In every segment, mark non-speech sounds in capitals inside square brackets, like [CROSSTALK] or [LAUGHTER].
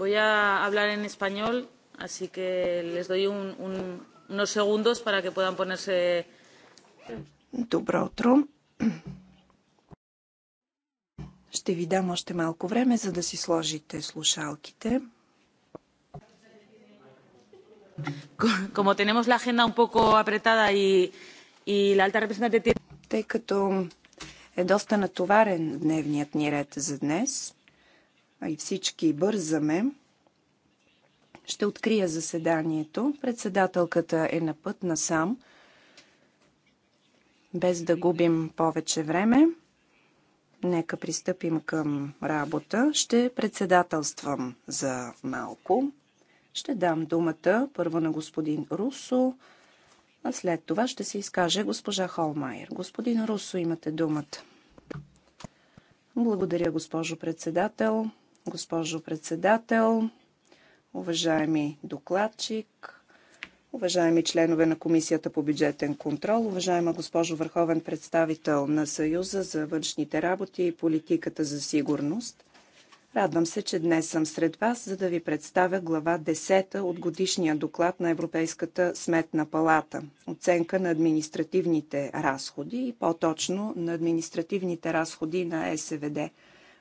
Voy a hablar en español, así que les doy un, un, unos segundos para que puedan ponerse. Добро утро. Ще ви дам още малко време, за да си сложите слушалките. Como tenemos la agenda un poco apretada y, y la alta representante... Тъй като е доста натоварен дневният ни ред за днес, а и всички бързаме, ще открия заседанието. Председателката е на път насам, без да губим повече време. Нека пристъпим към работа. Ще председателствам за малко. Ще дам думата първо на господин Русо, а след това ще се изкаже госпожа Холмайер. Господин Русо, имате думата. Благодаря, госпожо председател. Госпожо председател, уважаеми докладчик, уважаеми членове на Комисията по бюджетен контрол, уважаема госпожо Върховен представител на Съюза за външните работи и политиката за сигурност. Радвам се, че днес съм сред вас, за да ви представя глава 10 от годишния доклад на Европейската сметна палата. Оценка на административните разходи и по-точно на административните разходи на СВД –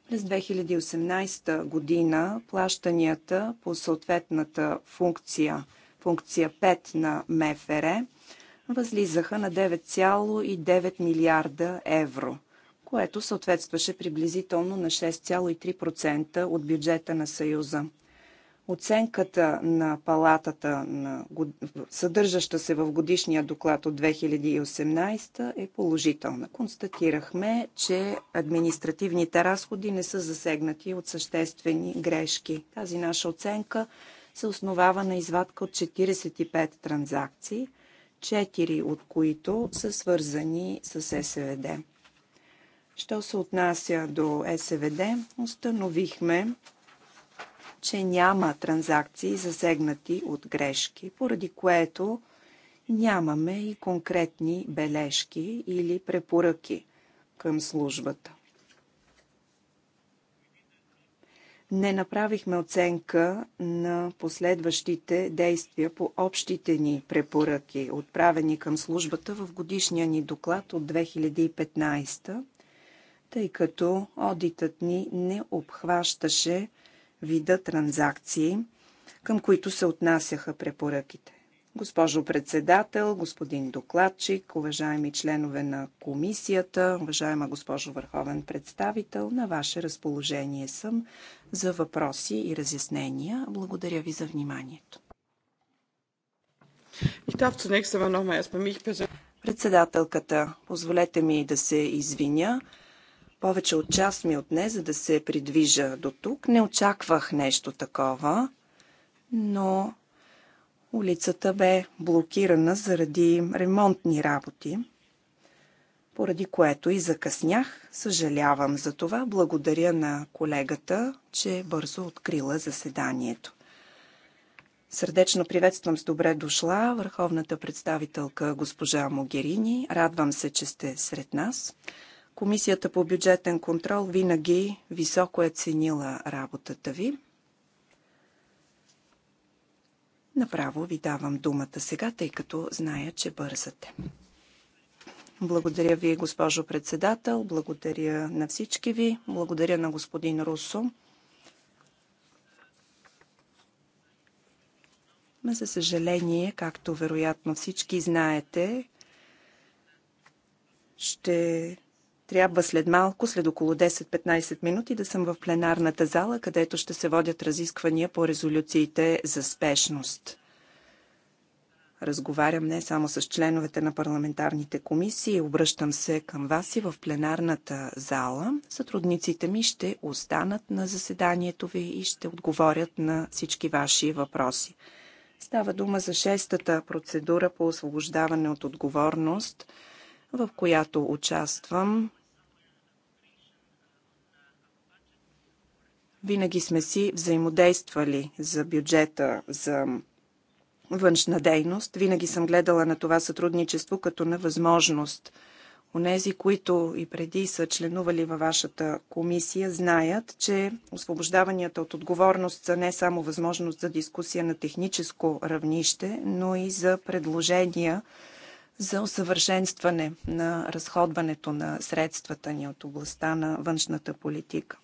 през 2018 година плащанията по съответната функция, функция 5 на МФР, възлизаха на 9,9 милиарда евро, което съответстваше приблизително на 6,3% от бюджета на Съюза. Оценката на палатата, на, съдържаща се в годишния доклад от 2018, е положителна. Констатирахме, че административните разходи не са засегнати от съществени грешки. Тази наша оценка се основава на извадка от 45 транзакции, 4 от които са свързани с СВД. Що се отнася до СВД, установихме, че няма транзакции засегнати от грешки, поради което нямаме и конкретни бележки или препоръки към службата. Не направихме оценка на последващите действия по общите ни препоръки, отправени към службата в годишния ни доклад от 2015, тъй като одитът ни не обхващаше вида транзакции, към които се отнасяха препоръките. Госпожо председател, господин докладчик, уважаеми членове на комисията, уважаема госпожо върховен представител, на ваше разположение съм за въпроси и разяснения. Благодаря ви за вниманието. Председателката, позволете ми да се извиня. Повече от час ми отне, за да се придвижа до тук. Не очаквах нещо такова, но улицата бе блокирана заради ремонтни работи, поради което и закъснях. Съжалявам за това. Благодаря на колегата, че бързо открила заседанието. Сърдечно приветствам с добре дошла върховната представителка госпожа Могерини. Радвам се, че сте сред нас. Комисията по бюджетен контрол винаги високо е ценила работата ви. Направо ви давам думата сега, тъй като зная, че бързате. Благодаря ви, госпожо председател. Благодаря на всички ви. Благодаря на господин Русо. Но за съжаление, както вероятно всички знаете, ще трябва след малко, след около 10-15 минути да съм в пленарната зала, където ще се водят разисквания по резолюциите за спешност. Разговарям не само с членовете на парламентарните комисии, обръщам се към вас и в пленарната зала. Сътрудниците ми ще останат на заседанието ви и ще отговорят на всички ваши въпроси. Става дума за шестата процедура по освобождаване от отговорност, в която участвам Винаги сме си взаимодействали за бюджета, за външна дейност. Винаги съм гледала на това сътрудничество като на възможност. Онези, които и преди са членували във вашата комисия, знаят, че освобождаванията от отговорност са не само възможност за дискусия на техническо равнище, но и за предложения за усъвършенстване на разходването на средствата ни от областта на външната политика.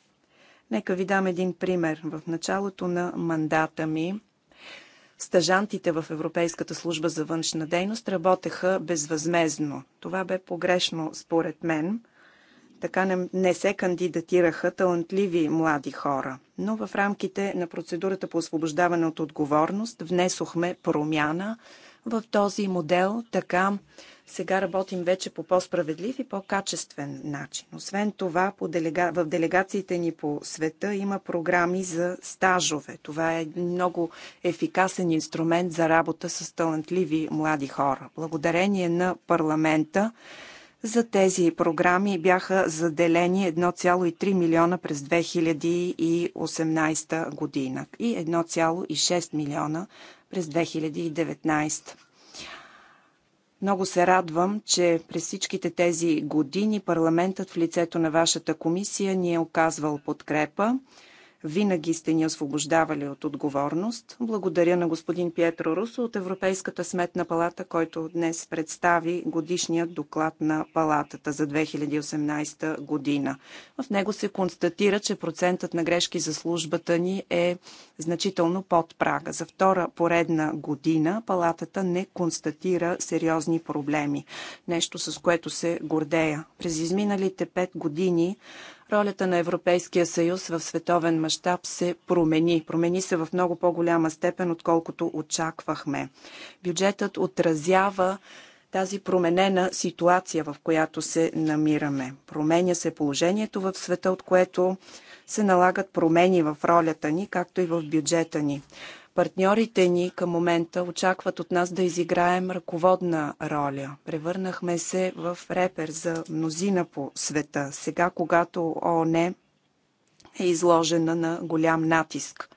Нека ви дам един пример. В началото на мандата ми стажантите в Европейската служба за външна дейност работеха безвъзмезно. Това бе погрешно според мен. Така не, не се кандидатираха талантливи млади хора. Но в рамките на процедурата по освобождаване от отговорност внесохме промяна в този модел, така сега работим вече по по-справедлив и по-качествен начин. Освен това, по делега... в делегациите ни по света има програми за стажове. Това е много ефикасен инструмент за работа с талантливи млади хора. Благодарение на парламента за тези програми бяха заделени 1,3 милиона през 2018 година и 1,6 милиона през 2019. Много се радвам, че през всичките тези години парламентът в лицето на вашата комисия ни е оказвал подкрепа. Винаги сте ни освобождавали от отговорност. Благодаря на господин Пьетро Русо от Европейската сметна палата, който днес представи годишният доклад на палатата за 2018 година. В него се констатира, че процентът на грешки за службата ни е значително под прага. За втора поредна година палатата не констатира сериозни проблеми. Нещо с което се гордея. През изминалите пет години ролята на Европейския съюз в световен мащаб се промени. Промени се в много по-голяма степен, отколкото очаквахме. Бюджетът отразява тази променена ситуация, в която се намираме. Променя се положението в света, от което се налагат промени в ролята ни, както и в бюджета ни. Партньорите ни към момента очакват от нас да изиграем ръководна роля. Превърнахме се в репер за мнозина по света. Сега, когато ООН е изложена на голям натиск.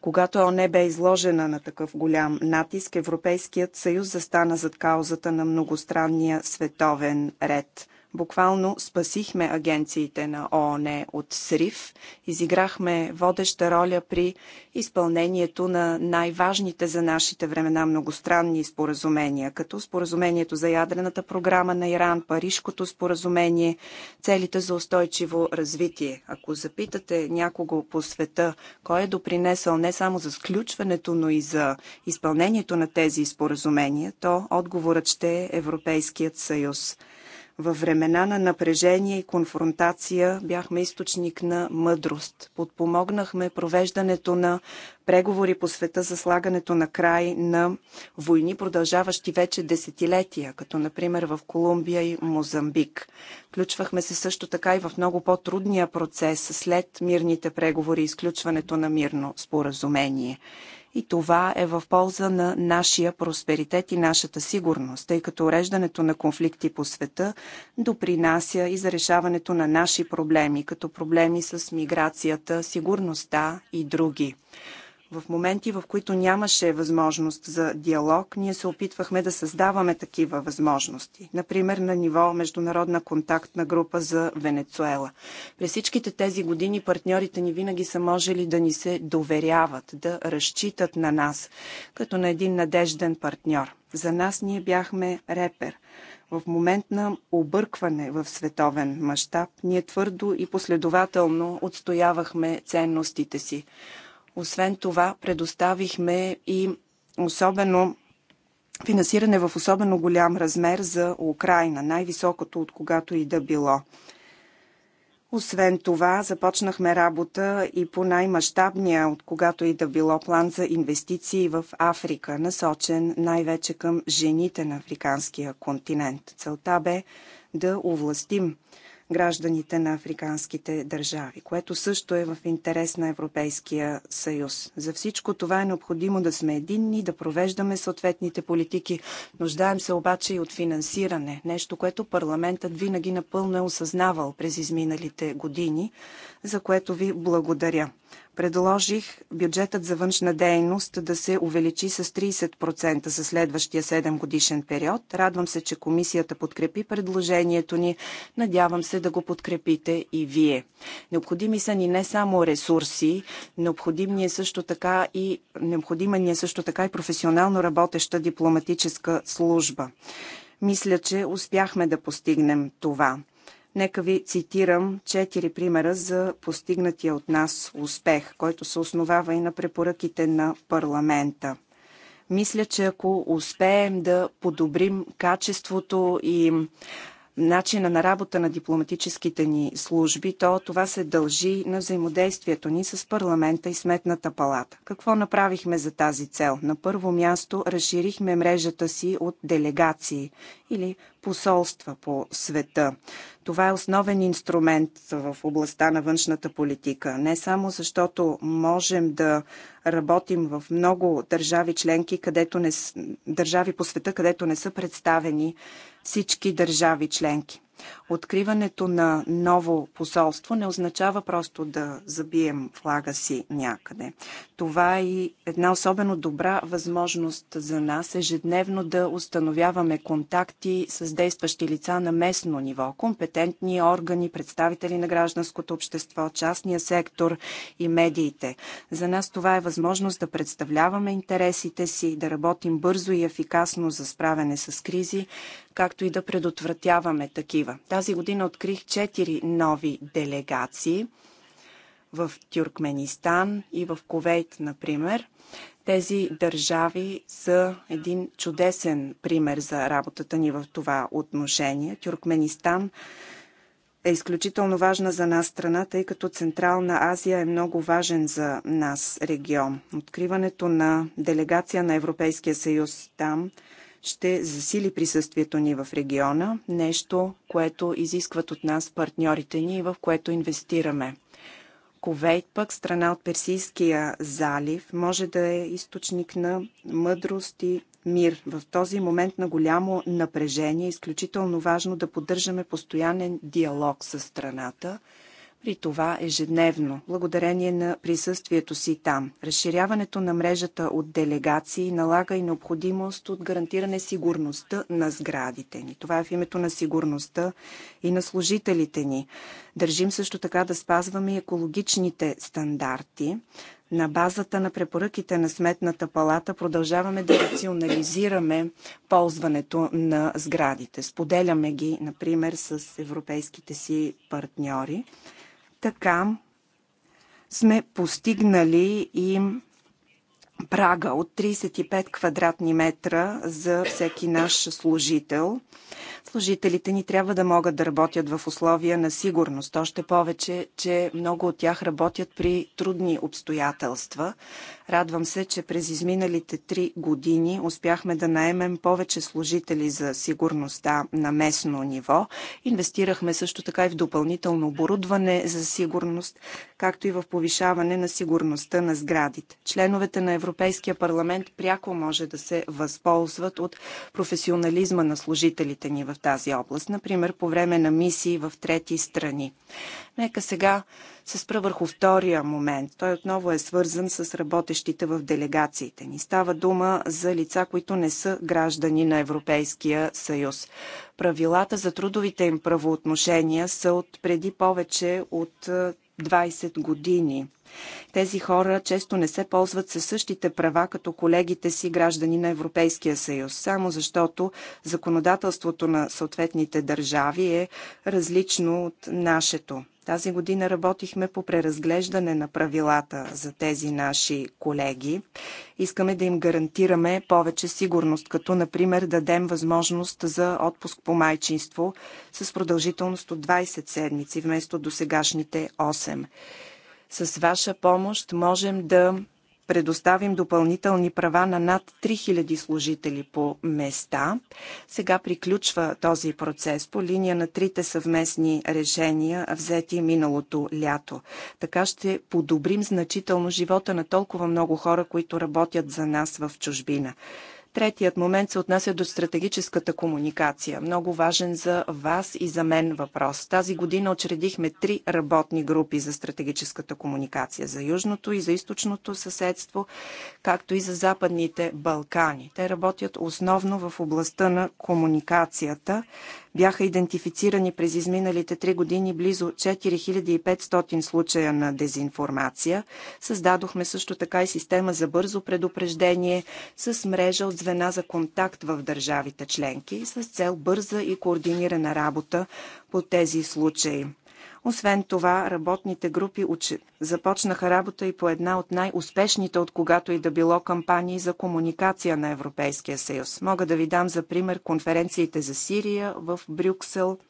Когато ООН бе изложена на такъв голям натиск, Европейският съюз застана зад каузата на многостранния световен ред – Буквално спасихме агенциите на ООН от срив, изиграхме водеща роля при изпълнението на най-важните за нашите времена многостранни споразумения, като споразумението за ядрената програма на Иран, Парижкото споразумение, целите за устойчиво развитие. Ако запитате някого по света, кой е допринесъл не само за сключването, но и за изпълнението на тези споразумения, то отговорът ще е Европейският съюз. Във времена на напрежение и конфронтация бяхме източник на мъдрост. Подпомогнахме провеждането на преговори по света за слагането на край на войни, продължаващи вече десетилетия, като например в Колумбия и Мозамбик. Включвахме се също така и в много по-трудния процес след мирните преговори и изключването на мирно споразумение и това е в полза на нашия просперитет и нашата сигурност, тъй като уреждането на конфликти по света допринася и за решаването на наши проблеми, като проблеми с миграцията, сигурността и други. В моменти, в които нямаше възможност за диалог, ние се опитвахме да създаваме такива възможности. Например, на ниво Международна контактна група за Венецуела. През всичките тези години партньорите ни винаги са можели да ни се доверяват, да разчитат на нас, като на един надежден партньор. За нас ние бяхме репер. В момент на объркване в световен мащаб, ние твърдо и последователно отстоявахме ценностите си. Освен това, предоставихме и особено финансиране в особено голям размер за Украина, най-високото от когато и да било. Освен това, започнахме работа и по най-мащабния, от когато и да било план за инвестиции в Африка, насочен най-вече към жените на африканския континент. Целта бе да овластим гражданите на африканските държави, което също е в интерес на Европейския съюз. За всичко това е необходимо да сме единни, да провеждаме съответните политики. Нуждаем се обаче и от финансиране, нещо, което парламентът винаги напълно е осъзнавал през изминалите години, за което ви благодаря предложих бюджетът за външна дейност да се увеличи с 30% за следващия 7 годишен период. Радвам се, че комисията подкрепи предложението ни. Надявам се да го подкрепите и вие. Необходими са ни не само ресурси, необходим ни е също така и, необходима ни е също така и професионално работеща дипломатическа служба. Мисля, че успяхме да постигнем това. Нека ви цитирам четири примера за постигнатия от нас успех, който се основава и на препоръките на парламента. Мисля, че ако успеем да подобрим качеството и начина на работа на дипломатическите ни служби, то това се дължи на взаимодействието ни с парламента и сметната палата. Какво направихме за тази цел? На първо място разширихме мрежата си от делегации или посолства по света. Това е основен инструмент в областта на външната политика. Не само защото можем да работим в много държави членки, където не, държави по света, където не са представени всички държави членки. Откриването на ново посолство не означава просто да забием флага си някъде. Това е и една особено добра възможност за нас ежедневно да установяваме контакти с действащи лица на местно ниво, компетентни органи, представители на гражданското общество, частния сектор и медиите. За нас това е възможност да представляваме интересите си, да работим бързо и ефикасно за справяне с кризи, както и да предотвратяваме такива такива. Тази година открих 4 нови делегации в Тюркменистан и в Ковейт, например. Тези държави са един чудесен пример за работата ни в това отношение. Тюркменистан е изключително важна за нас страна, тъй като Централна Азия е много важен за нас регион. Откриването на делегация на Европейския съюз там – ще засили присъствието ни в региона, нещо, което изискват от нас партньорите ни и в което инвестираме. Ковейт пък, страна от Персийския залив, може да е източник на мъдрост и мир. В този момент на голямо напрежение е изключително важно да поддържаме постоянен диалог с страната, при това ежедневно, благодарение на присъствието си там. Разширяването на мрежата от делегации налага и необходимост от гарантиране сигурността на сградите ни. Това е в името на сигурността и на служителите ни. Държим също така да спазваме и екологичните стандарти. На базата на препоръките на Сметната палата продължаваме да рационализираме ползването на сградите. Споделяме ги, например, с европейските си партньори. Така сме постигнали и прага от 35 квадратни метра за всеки наш служител. Служителите ни трябва да могат да работят в условия на сигурност. Още повече, че много от тях работят при трудни обстоятелства. Радвам се, че през изминалите три години успяхме да наемем повече служители за сигурността на местно ниво. Инвестирахме също така и в допълнително оборудване за сигурност, както и в повишаване на сигурността на сградите. Членовете на Европейския парламент пряко може да се възползват от професионализма на служителите ни в тази област, например по време на мисии в трети страни. Нека сега се спра върху втория момент. Той отново е свързан с работещите в делегациите ни. Става дума за лица, които не са граждани на Европейския съюз. Правилата за трудовите им правоотношения са от преди повече от 20 години. Тези хора често не се ползват със същите права като колегите си граждани на Европейския съюз, само защото законодателството на съответните държави е различно от нашето. Тази година работихме по преразглеждане на правилата за тези наши колеги. Искаме да им гарантираме повече сигурност, като например дадем възможност за отпуск по майчинство с продължителност от 20 седмици вместо досегашните 8. С ваша помощ можем да предоставим допълнителни права на над 3000 служители по места. Сега приключва този процес по линия на трите съвместни решения, взети миналото лято. Така ще подобрим значително живота на толкова много хора, които работят за нас в чужбина. Третият момент се отнася до стратегическата комуникация. Много важен за вас и за мен въпрос. Тази година очредихме три работни групи за стратегическата комуникация. За южното и за източното съседство, както и за западните Балкани. Те работят основно в областта на комуникацията. Бяха идентифицирани през изминалите три години близо 4500 случая на дезинформация. Създадохме също така и система за бързо предупреждение с мрежа от звена за контакт в държавите членки с цел бърза и координирана работа по тези случаи. Освен това, работните групи започнаха работа и по една от най-успешните от когато и да било кампании за комуникация на Европейския съюз. Мога да ви дам за пример конференциите за Сирия в Брюксел –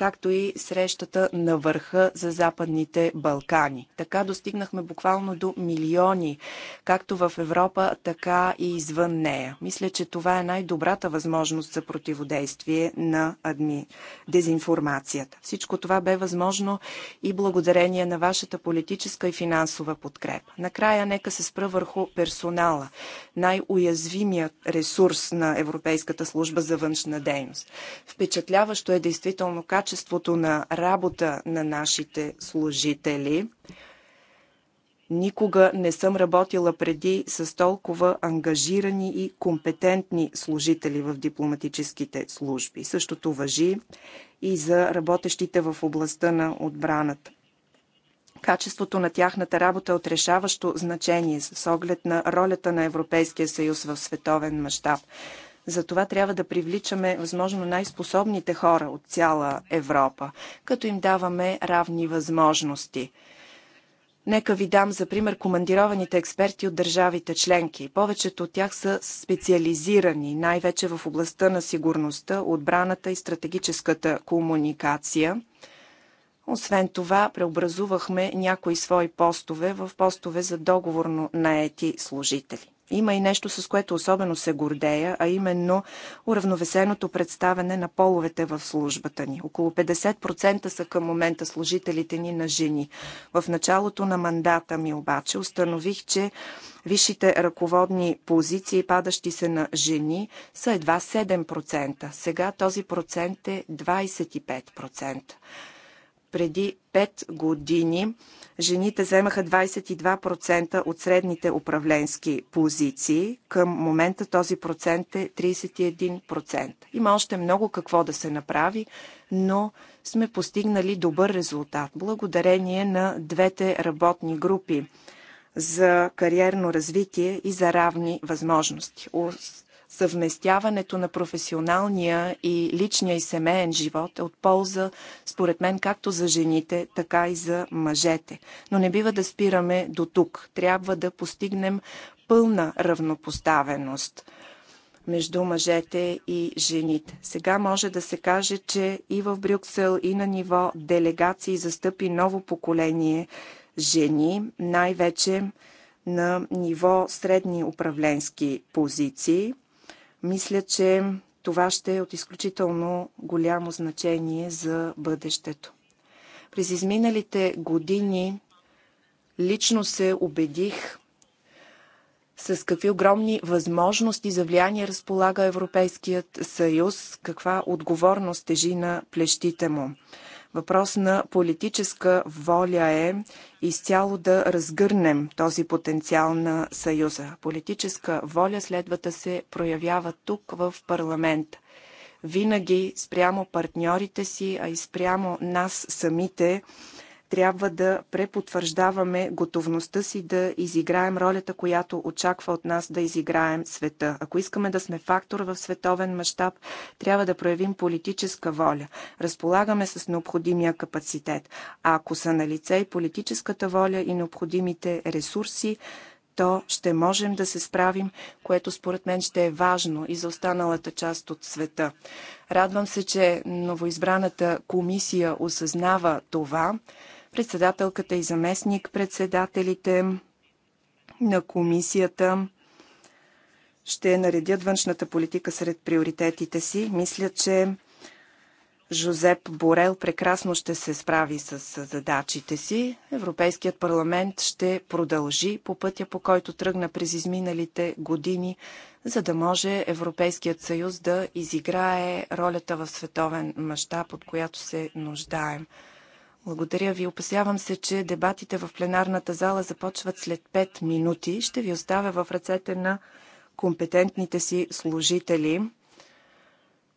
както и срещата на върха за Западните Балкани. Така достигнахме буквално до милиони, както в Европа, така и извън нея. Мисля, че това е най-добрата възможност за противодействие на адми... дезинформацията. Всичко това бе възможно и благодарение на вашата политическа и финансова подкрепа. Накрая нека се спра върху персонала, най-уязвимият ресурс на Европейската служба за външна дейност. Впечатляващо е действително качеството качеството на работа на нашите служители. Никога не съм работила преди с толкова ангажирани и компетентни служители в дипломатическите служби. Същото въжи и за работещите в областта на отбраната. Качеството на тяхната работа е от решаващо значение с оглед на ролята на Европейския съюз в световен мащаб. Затова трябва да привличаме възможно най-способните хора от цяла Европа, като им даваме равни възможности. Нека ви дам за пример командированите експерти от държавите членки. Повечето от тях са специализирани, най-вече в областта на сигурността, отбраната и стратегическата комуникация. Освен това, преобразувахме някои свои постове в постове за договорно наети служители. Има и нещо, с което особено се гордея, а именно уравновесеното представяне на половете в службата ни. Около 50% са към момента служителите ни на жени. В началото на мандата ми обаче установих, че висшите ръководни позиции, падащи се на жени, са едва 7%. Сега този процент е 25% преди 5 години жените вземаха 22% от средните управленски позиции. Към момента този процент е 31%. Има още много какво да се направи, но сме постигнали добър резултат благодарение на двете работни групи за кариерно развитие и за равни възможности съвместяването на професионалния и личния и семейен живот е от полза, според мен, както за жените, така и за мъжете. Но не бива да спираме до тук. Трябва да постигнем пълна равнопоставеност между мъжете и жените. Сега може да се каже, че и в Брюксел, и на ниво делегации застъпи ново поколение жени, най-вече на ниво средни управленски позиции – мисля, че това ще е от изключително голямо значение за бъдещето. През изминалите години лично се убедих с какви огромни възможности за влияние разполага Европейският съюз, каква отговорност тежи на плещите му. Въпрос на политическа воля е изцяло да разгърнем този потенциал на Съюза. Политическа воля следва да се проявява тук в парламент. Винаги спрямо партньорите си, а и спрямо нас самите трябва да препотвърждаваме готовността си да изиграем ролята, която очаква от нас да изиграем света. Ако искаме да сме фактор в световен мащаб, трябва да проявим политическа воля. Разполагаме с необходимия капацитет. А ако са на лице и политическата воля и необходимите ресурси, то ще можем да се справим, което според мен ще е важно и за останалата част от света. Радвам се, че новоизбраната комисия осъзнава това председателката и заместник председателите на комисията ще наредят външната политика сред приоритетите си. Мисля, че Жозеп Борел прекрасно ще се справи с задачите си. Европейският парламент ще продължи по пътя, по който тръгна през изминалите години, за да може Европейският съюз да изиграе ролята в световен мащаб, от която се нуждаем. Благодаря ви. Опасявам се, че дебатите в пленарната зала започват след 5 минути. Ще ви оставя в ръцете на компетентните си служители,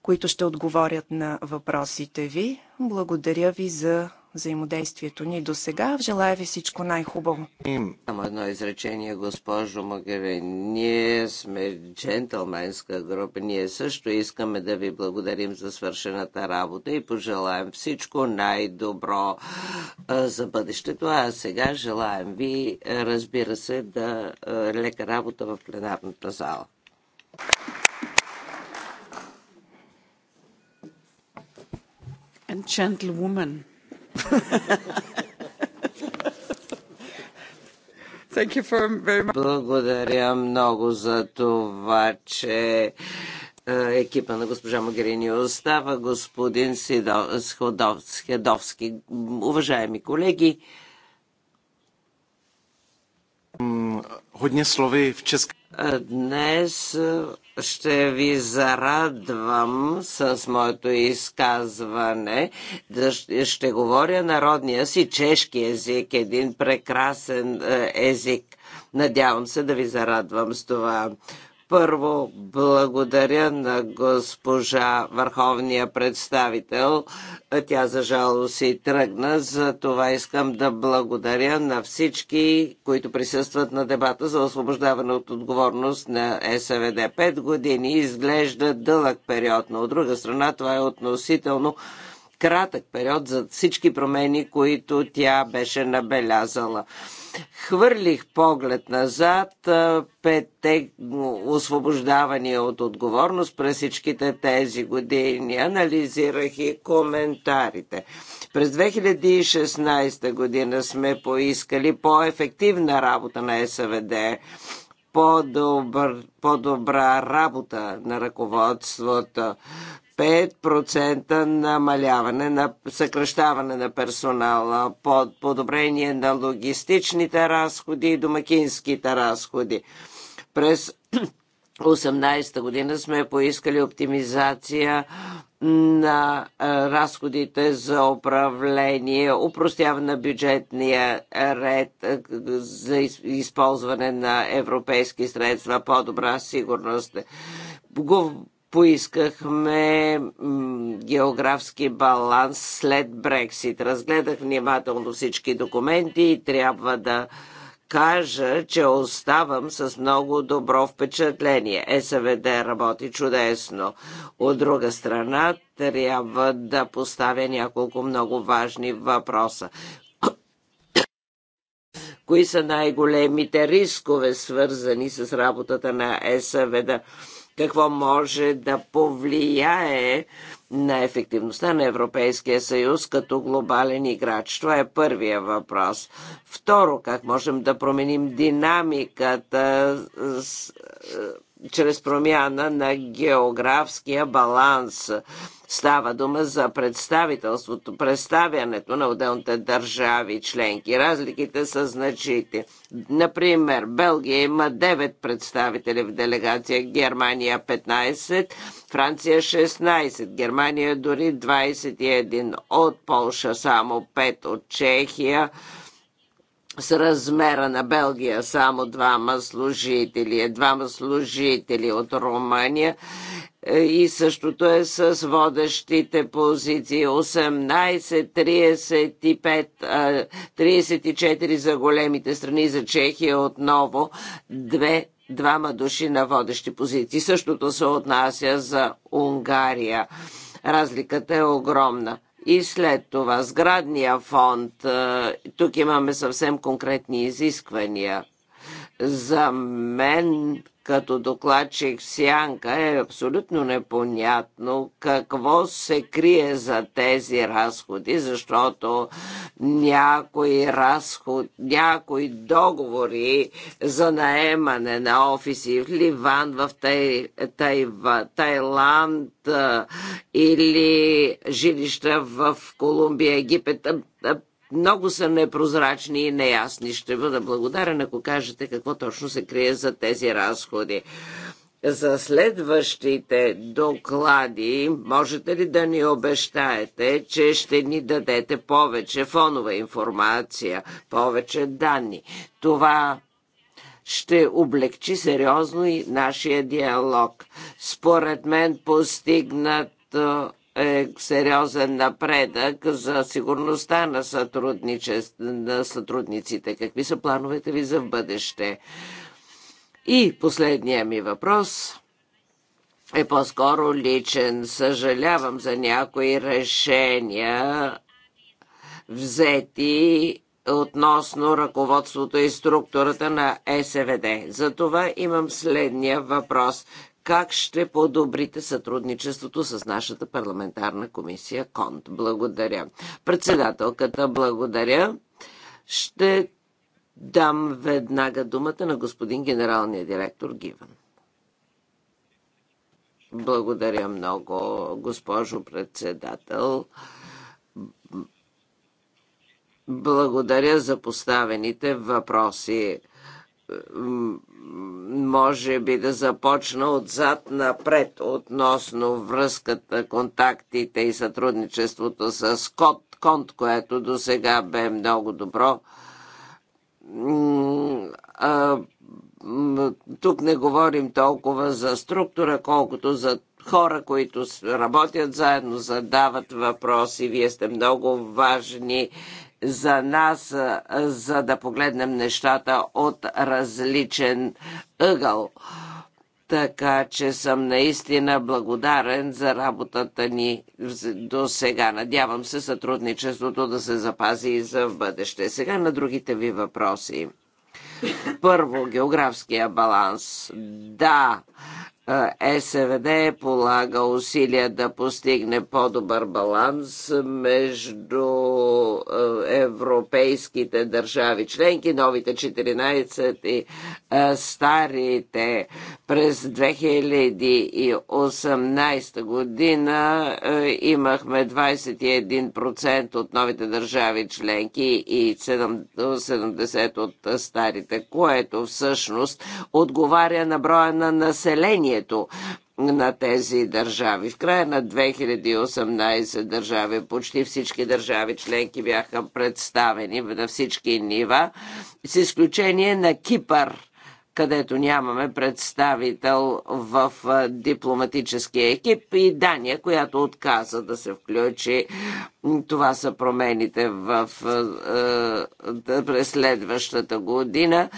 които ще отговорят на въпросите ви. Благодаря ви за взаимодействието ни до сега. Желая ви всичко най-хубаво. Само едно изречение, госпожо Магарин. Ние сме джентълменска група. Ние също искаме да ви благодарим за свършената работа и пожелаем всичко най-добро за бъдещето. А сега желаем ви, разбира се, да лека работа в пленарната зала. And gentlewoman. Благодаря много за това, че е, екипа на госпожа Могерини остава, господин Схедовски. Уважаеми колеги, Hodně slovy v České. Dnes ще ви зарадвам с моето изказване. Ще говоря народния си чешки език, един прекрасен е, език. Надявам се да ви зарадвам с това. Първо, благодаря на госпожа Върховния представител. Тя за жалост и тръгна. За това искам да благодаря на всички, които присъстват на дебата за освобождаване от отговорност на СВД. Пет години изглежда дълъг период, но от друга страна това е относително кратък период за всички промени, които тя беше набелязала. Хвърлих поглед назад, петте освобождавания от отговорност през всичките тези години. Анализирах и коментарите. През 2016 година сме поискали по-ефективна работа на СВД по-добър, по-добра работа на ръководството. 5% намаляване на съкръщаване на персонала, под подобрение на логистичните разходи и домакинските разходи. През 18-та [CLEARS THROAT] година сме поискали оптимизация на разходите за управление, упростяване на бюджетния ред за използване на европейски средства, по-добра сигурност поискахме географски баланс след Брексит. Разгледах внимателно всички документи и трябва да кажа, че оставам с много добро впечатление. СВД е работи чудесно. От друга страна, трябва да поставя няколко много важни въпроса. Кои са най-големите рискове, свързани с работата на СВД? какво може да повлияе на ефективността на Европейския съюз като глобален играч? Това е първия въпрос. Второ, как можем да променим динамиката с чрез промяна на географския баланс. Става дума за представителството, представянето на отделните държави членки. Разликите са значити. Например, Белгия има 9 представители в делегация, Германия 15, Франция 16, Германия дори 21, от Полша само 5, от Чехия с размера на Белгия само двама служители, е, двама служители от Румъния е, и същото е с водещите позиции 18, 35, 34 за големите страни, за Чехия отново две двама души на водещи позиции. Същото се отнася за Унгария. Разликата е огромна. И след това сградния фонд. Е, тук имаме съвсем конкретни изисквания. За мен като докладчик Сянка е абсолютно непонятно какво се крие за тези разходи, защото някои, разход, някои договори за наемане на офиси в Ливан, в Тай, Тай, Тайланд или жилища в Колумбия, Египет, много са непрозрачни и неясни. Ще бъда благодарен, ако кажете какво точно се крие за тези разходи. За следващите доклади можете ли да ни обещаете, че ще ни дадете повече фонова информация, повече данни? Това ще облегчи сериозно и нашия диалог. Според мен постигнат е сериозен напредък за сигурността на, на сътрудниците. Какви са плановете ви за бъдеще? И последния ми въпрос е по-скоро личен. Съжалявам за някои решения взети относно ръководството и структурата на СВД. Затова имам следния въпрос как ще подобрите сътрудничеството с нашата парламентарна комисия КОНТ. Благодаря. Председателката, благодаря. Ще дам веднага думата на господин генералния директор Гиван. Благодаря много, госпожо председател. Благодаря за поставените въпроси може би да започна отзад напред относно връзката, контактите и сътрудничеството с Код, Конт, което до сега бе много добро. А, тук не говорим толкова за структура, колкото за хора, които работят заедно, задават въпроси. Вие сте много важни за нас, за да погледнем нещата от различен ъгъл. Така че съм наистина благодарен за работата ни до сега. Надявам се сътрудничеството да се запази и за бъдеще. Сега на другите ви въпроси. Първо, географския баланс. Да, СВД е полага усилия да постигне по-добър баланс между европейските държави членки, новите 14 и старите. През 2018 година имахме 21% от новите държави членки и 70% от старите, което всъщност отговаря на броя на население населението на тези държави. В края на 2018 държави, почти всички държави членки бяха представени на всички нива, с изключение на Кипър където нямаме представител в дипломатическия екип и Дания, която отказа да се включи. Това са промените в през следващата година.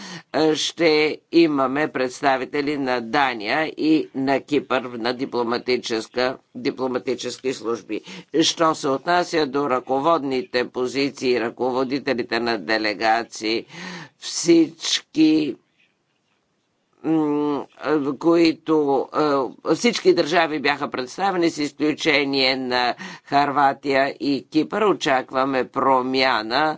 Ще имаме представители на Дания и на Кипър на дипломатическа, дипломатически служби. Що се отнася до ръководните позиции, ръководителите на делегации, всички които всички държави бяха представени с изключение на Харватия и Кипър. Очакваме промяна.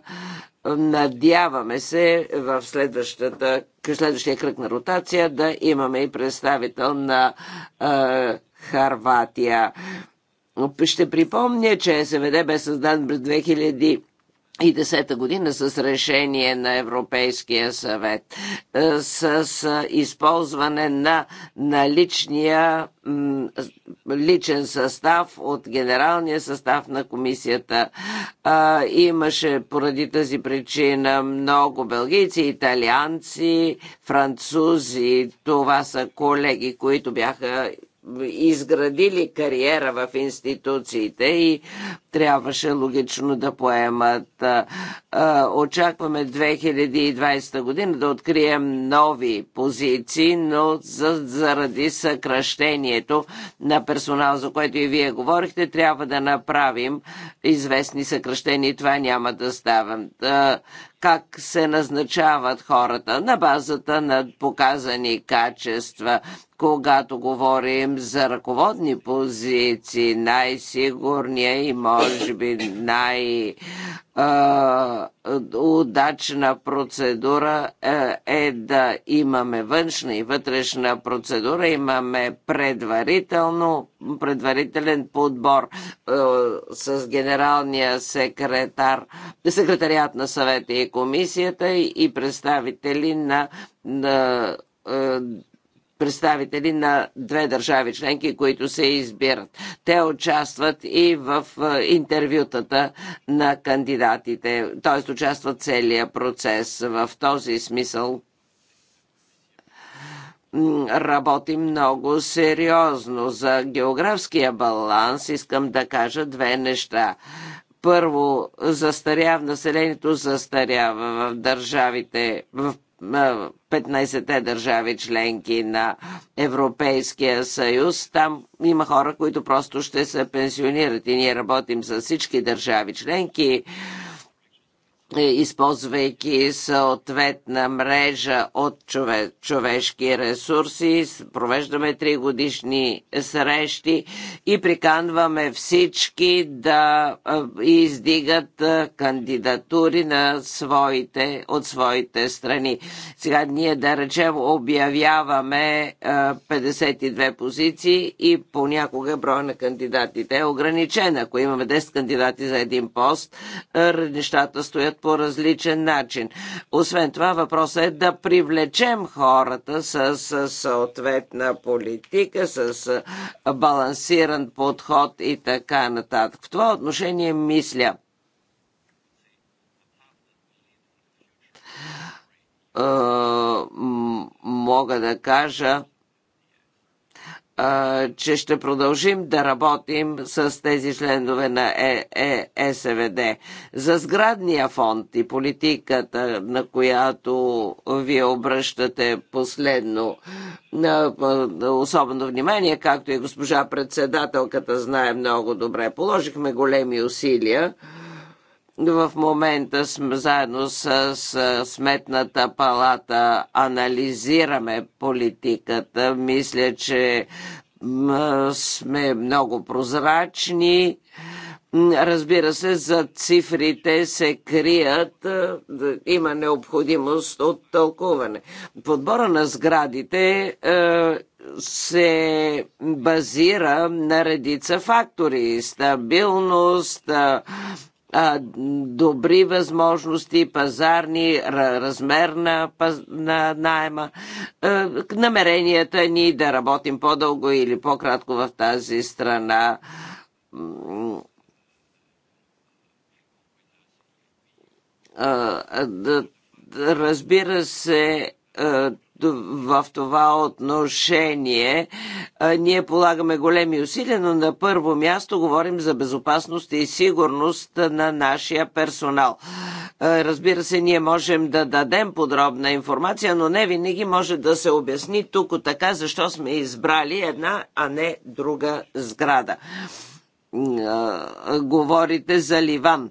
Надяваме се в следващата, следващия кръг на ротация да имаме и представител на е, Харватия. Ще припомня, че СВД бе създан през 2000 2010 година с решение на Европейския съвет е, с използване на наличния личен състав от генералния състав на комисията. Имаше поради тази причина много белгийци, италианци, французи. Това са колеги, които бяха изградили кариера в институциите и трябваше логично да поемат. Очакваме 2020 година да открием нови позиции, но заради съкръщението на персонал, за което и вие говорихте, трябва да направим известни съкръщения. Това няма да става как се назначават хората на базата на показани качества. Когато говорим за ръководни позиции, най-сигурния и може би най- удачна процедура е да имаме външна и вътрешна процедура, имаме предварително, предварителен подбор с генералния секретар, секретариат на съвета и комисията и представители на, на представители на две държави членки, които се избират. Те участват и в е, интервютата на кандидатите, т.е. участват целия процес. В този смисъл работи много сериозно. За географския баланс искам да кажа две неща първо застарява, населението застарява в държавите, в 15-те държави членки на Европейския съюз. Там има хора, които просто ще се пенсионират и ние работим с всички държави членки е, използвайки съответна мрежа от чове, човешки ресурси. Провеждаме три годишни срещи и приканваме всички да е, издигат е, кандидатури на своите, от своите страни. Сега ние, да речем, обявяваме 52 позиции и понякога броя на кандидатите е ограничен. Ако имаме 10 кандидати за един пост, нещата стоят по различен начин. Освен това, въпросът е да привлечем хората с съответна политика, с балансиран подход и така нататък. В това отношение мисля, мога да кажа, че ще продължим да работим с тези членове на ЕСВД. е, е, е За сградния фонд и политиката, на която вие обръщате последно особено внимание, както и госпожа председателката знае много добре, положихме големи усилия в момента заедно с Сметната палата анализираме политиката. Мисля, че сме много прозрачни. Разбира се, за цифрите се крият, е, има необходимост от тълкуване. Подбора на сградите е, се базира на редица фактори. Стабилност, е, добри възможности, пазарни, размер на, на найема, намеренията ни да работим по-дълго или по-кратко в тази страна. разбира се, в това отношение ние полагаме големи усилия, но на първо място говорим за безопасност и сигурност на нашия персонал. Разбира се, ние можем да дадем подробна информация, но не винаги може да се обясни тук така, защо сме избрали една, а не друга сграда. Говорите за Ливан.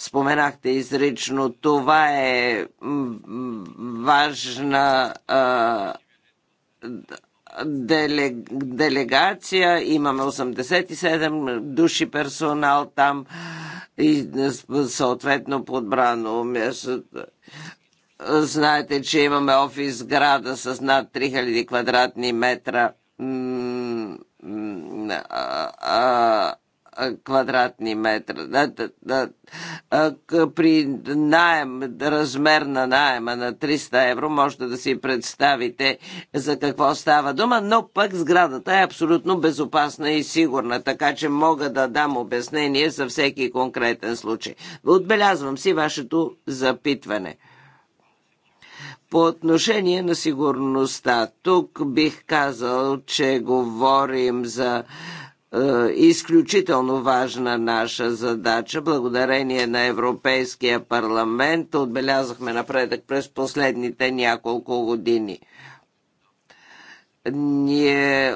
Споменахте изрично, това е важна делегация, имаме 87 души персонал там и съответно подбрано място. Знаете, че имаме офис града с над 3000 квадратни метра квадратни метра. При найем, размер на найема на 300 евро можете да си представите за какво става дума, но пък сградата е абсолютно безопасна и сигурна, така че мога да дам обяснение за всеки конкретен случай. Отбелязвам си вашето запитване. По отношение на сигурността, тук бих казал, че говорим за е, изключително важна наша задача. Благодарение на Европейския парламент отбелязахме напредък през последните няколко години ние е,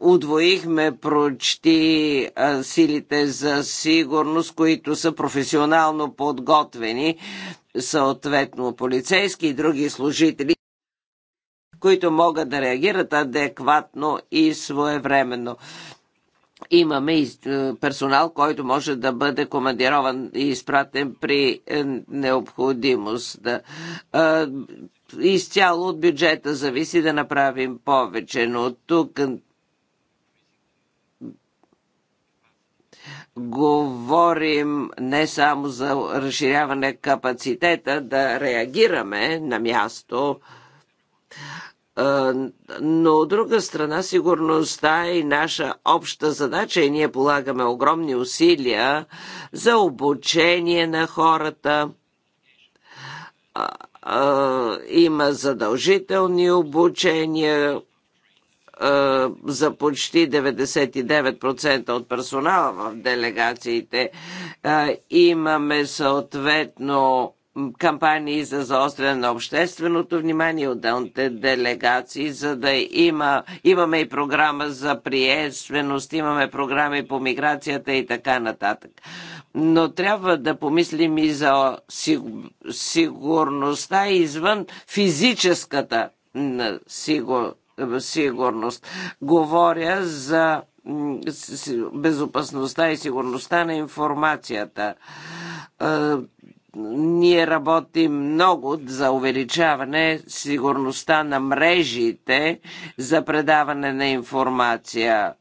удвоихме прочти е, силите за сигурност, които са професионално подготвени, съответно полицейски и други служители, които могат да реагират адекватно и своевременно имаме и е, персонал, който може да бъде командирован и изпратен при е, необходимост. Е, изцяло от бюджета зависи да направим повече, но тук говорим не само за разширяване капацитета да реагираме на място, но от друга страна, сигурността е и наша обща задача и ние полагаме огромни усилия за обучение на хората. Има задължителни обучения, за почти 99% от персонала в делегациите. Имаме съответно кампании за заостряне на общественото внимание, отделните делегации, за да има, имаме и програма за приемственост, имаме програми по миграцията и така нататък. Но трябва да помислим и за сигурността извън физическата сигурност. Говоря за безопасността и сигурността на информацията е, ние работим много за увеличаване сигурността на мрежите за предаване на информация.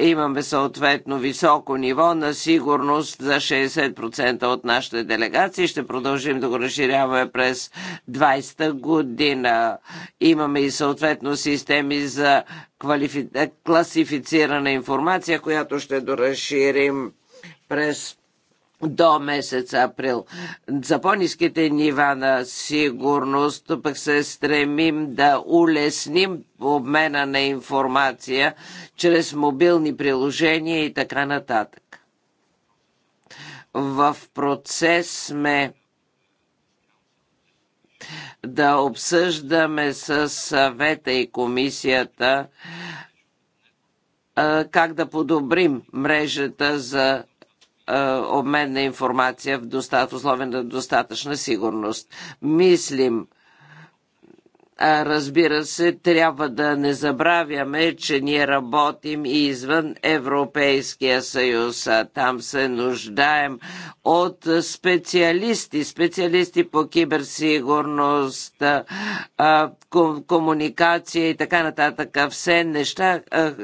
Имаме съответно високо ниво на сигурност за 60% от нашите делегации. Ще продължим да го разширяваме през 20-та година. Имаме и съответно системи за квалифи... класифицирана информация, която ще доразширим през до месец април. За по-низките нива на сигурност пък се стремим да улесним обмена на информация чрез мобилни приложения и така нататък. В процес сме да обсъждаме с съвета и комисията как да подобрим мрежата за е, обмен на информация в достат, условия на достатъчна сигурност. Мислим Разбира се, трябва да не забравяме, че ние работим и извън Европейския съюз. Там се нуждаем от специалисти, специалисти по киберсигурност, комуникация и така нататък. Все неща,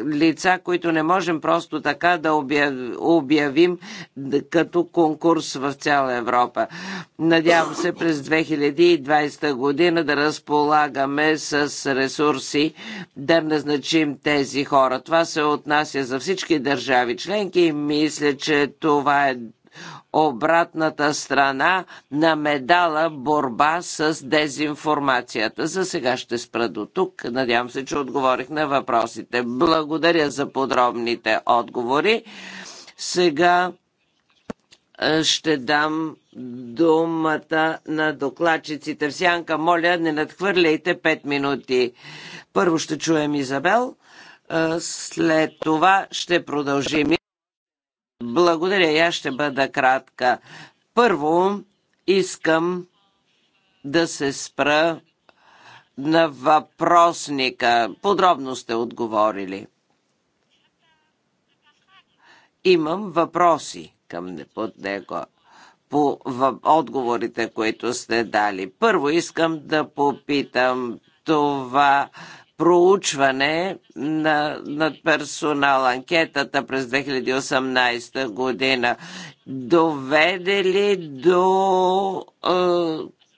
лица, които не можем просто така да обявим като конкурс в цяла Европа. Надявам се през 2020 година да разполага разполагаме с ресурси да назначим тези хора. Това се отнася за всички държави членки и мисля, че това е обратната страна на медала борба с дезинформацията. За сега ще спра до тук. Надявам се, че отговорих на въпросите. Благодаря за подробните отговори. Сега е, ще дам думата на докладчиците. В сянка, моля, не надхвърляйте 5 минути. Първо ще чуем Изабел, е, след това ще продължим. Благодаря, я ще бъда кратка. Първо искам да се спра на въпросника. Подробно сте отговорили. Имам въпроси към под него по отговорите, които сте дали. Първо искам да попитам това проучване на, на персонал, анкетата през 2018 година доведе ли до е,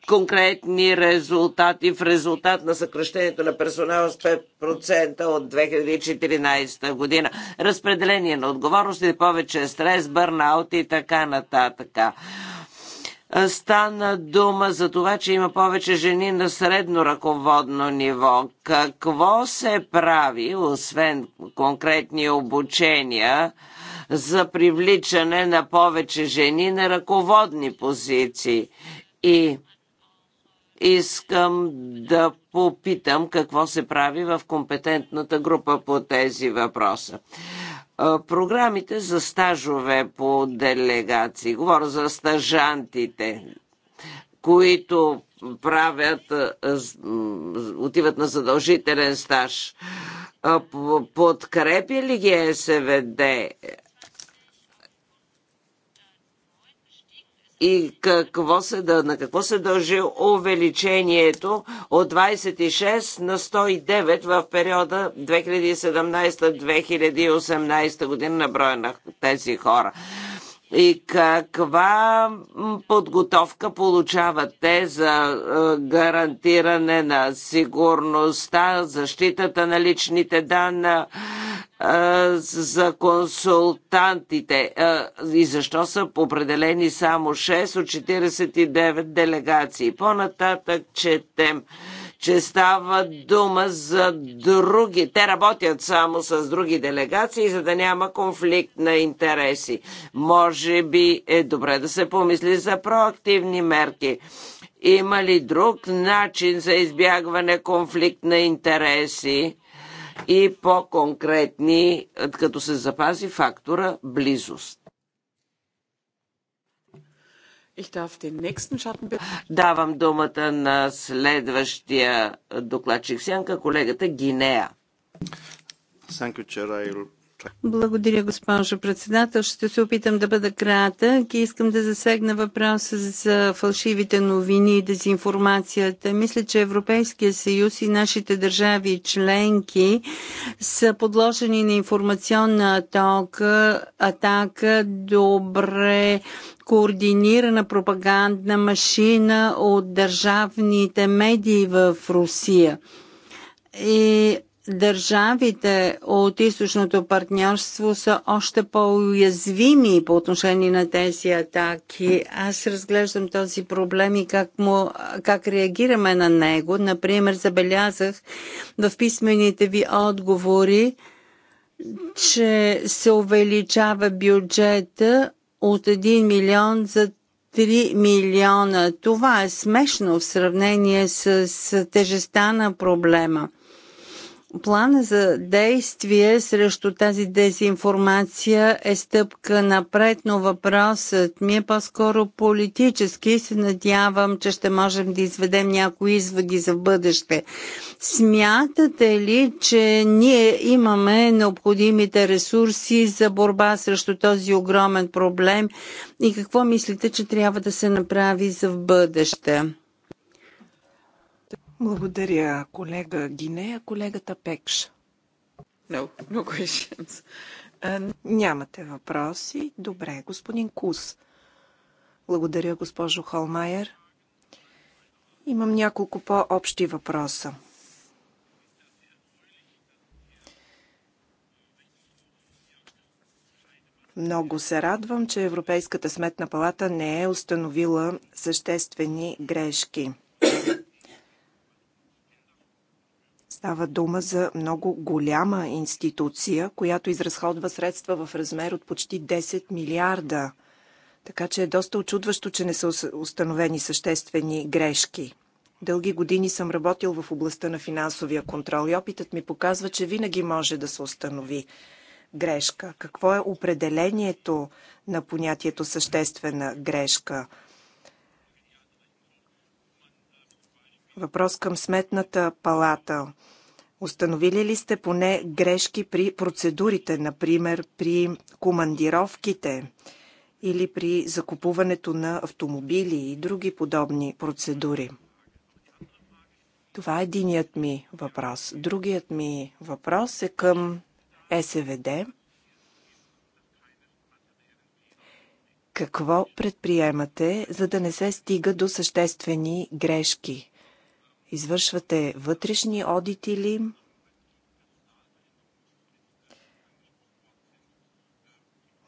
конкретни резултати в резултат на съкръщението на персонала с 5% от 2014 година. Разпределение на отговорности, повече стрес, бърнаут и така нататък стана дума за това, че има повече жени на средно ръководно ниво. Какво се прави, освен конкретни обучения, за привличане на повече жени на ръководни позиции? И Искам да попитам какво се прави в компетентната група по тези въпроса. Програмите за стажове по делегации, говоря за стажантите, които правят, отиват на задължителен стаж. Подкрепи ли ги СВД и какво се, на какво се дължи увеличението от 26 на 109 в периода 2017-2018 година на броя на тези хора и каква подготовка получават те за гарантиране на сигурността, защитата на личните данни за консултантите и защо са определени само 6 от 49 делегации. По-нататък четем че става дума за други. Те работят само с други делегации, за да няма конфликт на интереси. Може би е добре да се помисли за проактивни мерки. Има ли друг начин за избягване конфликт на интереси и по-конкретни, като се запази фактора близост? Давам думата на следващия докладчик сянка, колегата Гинея. Thank you, Chair. Благодаря, госпожо председател. Ще се опитам да бъда кратък и искам да засегна въпроса за фалшивите новини и дезинформацията. Мисля, че Европейския съюз и нашите държави членки са подложени на информационна атака, атака добре координирана пропагандна машина от държавните медии в Русия. И държавите от източното партньорство са още по-уязвими по отношение на тези атаки. Аз разглеждам този проблем и как, му, как реагираме на него. Например, забелязах в писмените ви отговори, че се увеличава бюджета от 1 милион за 3 милиона. Това е смешно в сравнение с тежестта на проблема – Плана за действие срещу тази дезинформация е стъпка напред, но въпросът ми е по-скоро политически и се надявам, че ще можем да изведем някои изводи за бъдеще. Смятате ли, че ние имаме необходимите ресурси за борба срещу този огромен проблем и какво мислите, че трябва да се направи за в бъдеще? Благодаря, колега Гинея. Колегата Пекш. No, no questions. Нямате въпроси. Добре, господин Кус. Благодаря, госпожо Холмайер. Имам няколко по-общи въпроса. Много се радвам, че Европейската сметна палата не е установила съществени грешки – Става дума за много голяма институция, която изразходва средства в размер от почти 10 милиарда. Така че е доста очудващо, че не са установени съществени грешки. Дълги години съм работил в областта на финансовия контрол и опитът ми показва, че винаги може да се установи грешка. Какво е определението на понятието съществена грешка? Въпрос към сметната палата. Установили ли сте поне грешки при процедурите, например при командировките или при закупуването на автомобили и други подобни процедури? Това е единият ми въпрос. Другият ми въпрос е към СВД. Какво предприемате, за да не се стига до съществени грешки? Извършвате вътрешни одити ли?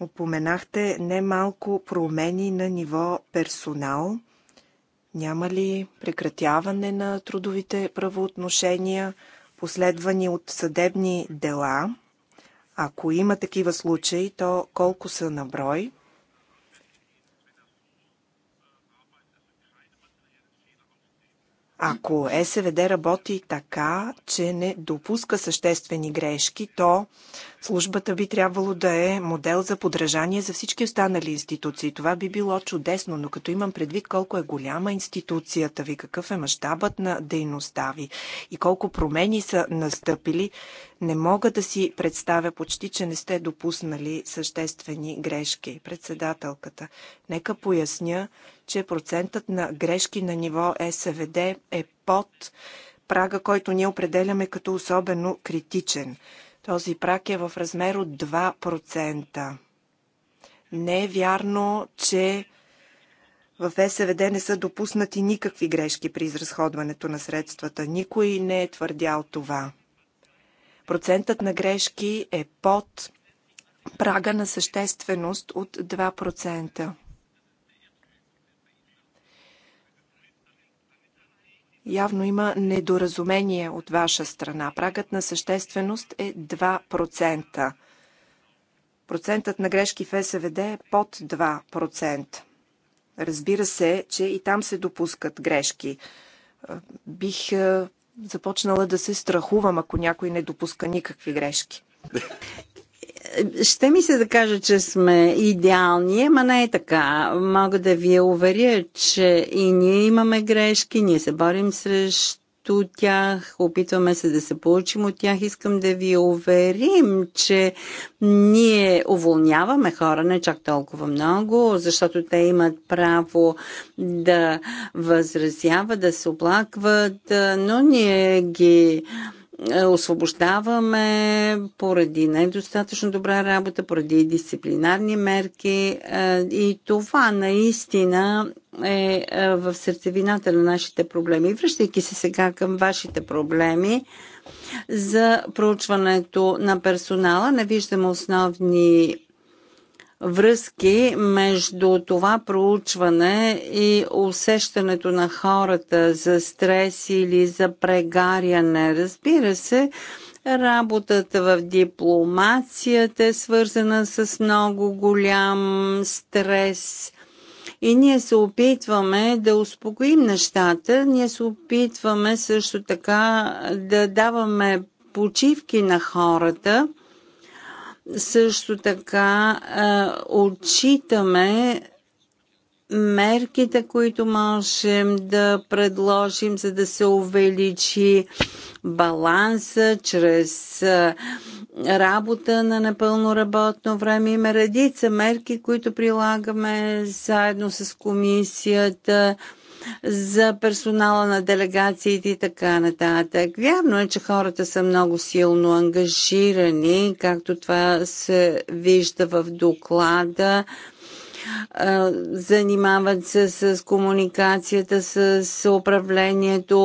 Опоменахте немалко промени на ниво персонал. Няма ли прекратяване на трудовите правоотношения, последвани от съдебни дела? Ако има такива случаи, то колко са на брой – Ако СВД работи така, че не допуска съществени грешки, то Службата би трябвало да е модел за подражание за всички останали институции. Това би било чудесно, но като имам предвид колко е голяма институцията ви, какъв е мащабът на дейността ви и колко промени са настъпили, не мога да си представя почти, че не сте допуснали съществени грешки. Председателката, нека поясня, че процентът на грешки на ниво СВД е, е под прага, който ние определяме като особено критичен – този прак е в размер от 2%. Не е вярно, че в СВД не са допуснати никакви грешки при изразходването на средствата. Никой не е твърдял това. Процентът на грешки е под прага на същественост от 2%. Явно има недоразумение от ваша страна. Прагът на същественост е 2%. Процентът на грешки в СВД е под 2%. Разбира се, че и там се допускат грешки. Бих започнала да се страхувам, ако някой не допуска никакви грешки ще ми се да кажа, че сме идеални, ама не е така. Мога да ви уверя, че и ние имаме грешки, ние се борим срещу тях, опитваме се да се получим от тях. Искам да ви уверим, че ние уволняваме хора, не чак толкова много, защото те имат право да възразяват, да се оплакват, но ние ги е, освобождаваме поради недостатъчно добра работа, поради дисциплинарни мерки е, и това наистина е, е в сърцевината на нашите проблеми. Връщайки се сега към вашите проблеми за проучването на персонала, не виждаме основни връзки между това проучване и усещането на хората за стрес или за прегаряне. Разбира се, Работата в дипломацията е свързана с много голям стрес. И ние се опитваме да успокоим нещата, ние се опитваме също така да даваме почивки на хората – също така отчитаме мерките, които можем да предложим, за да се увеличи баланса чрез работа на напълно работно време. Има редица мерки, които прилагаме заедно с комисията за персонала на делегациите и така нататък. Вярно е, че хората са много силно ангажирани, както това се вижда в доклада занимават се с комуникацията, с управлението,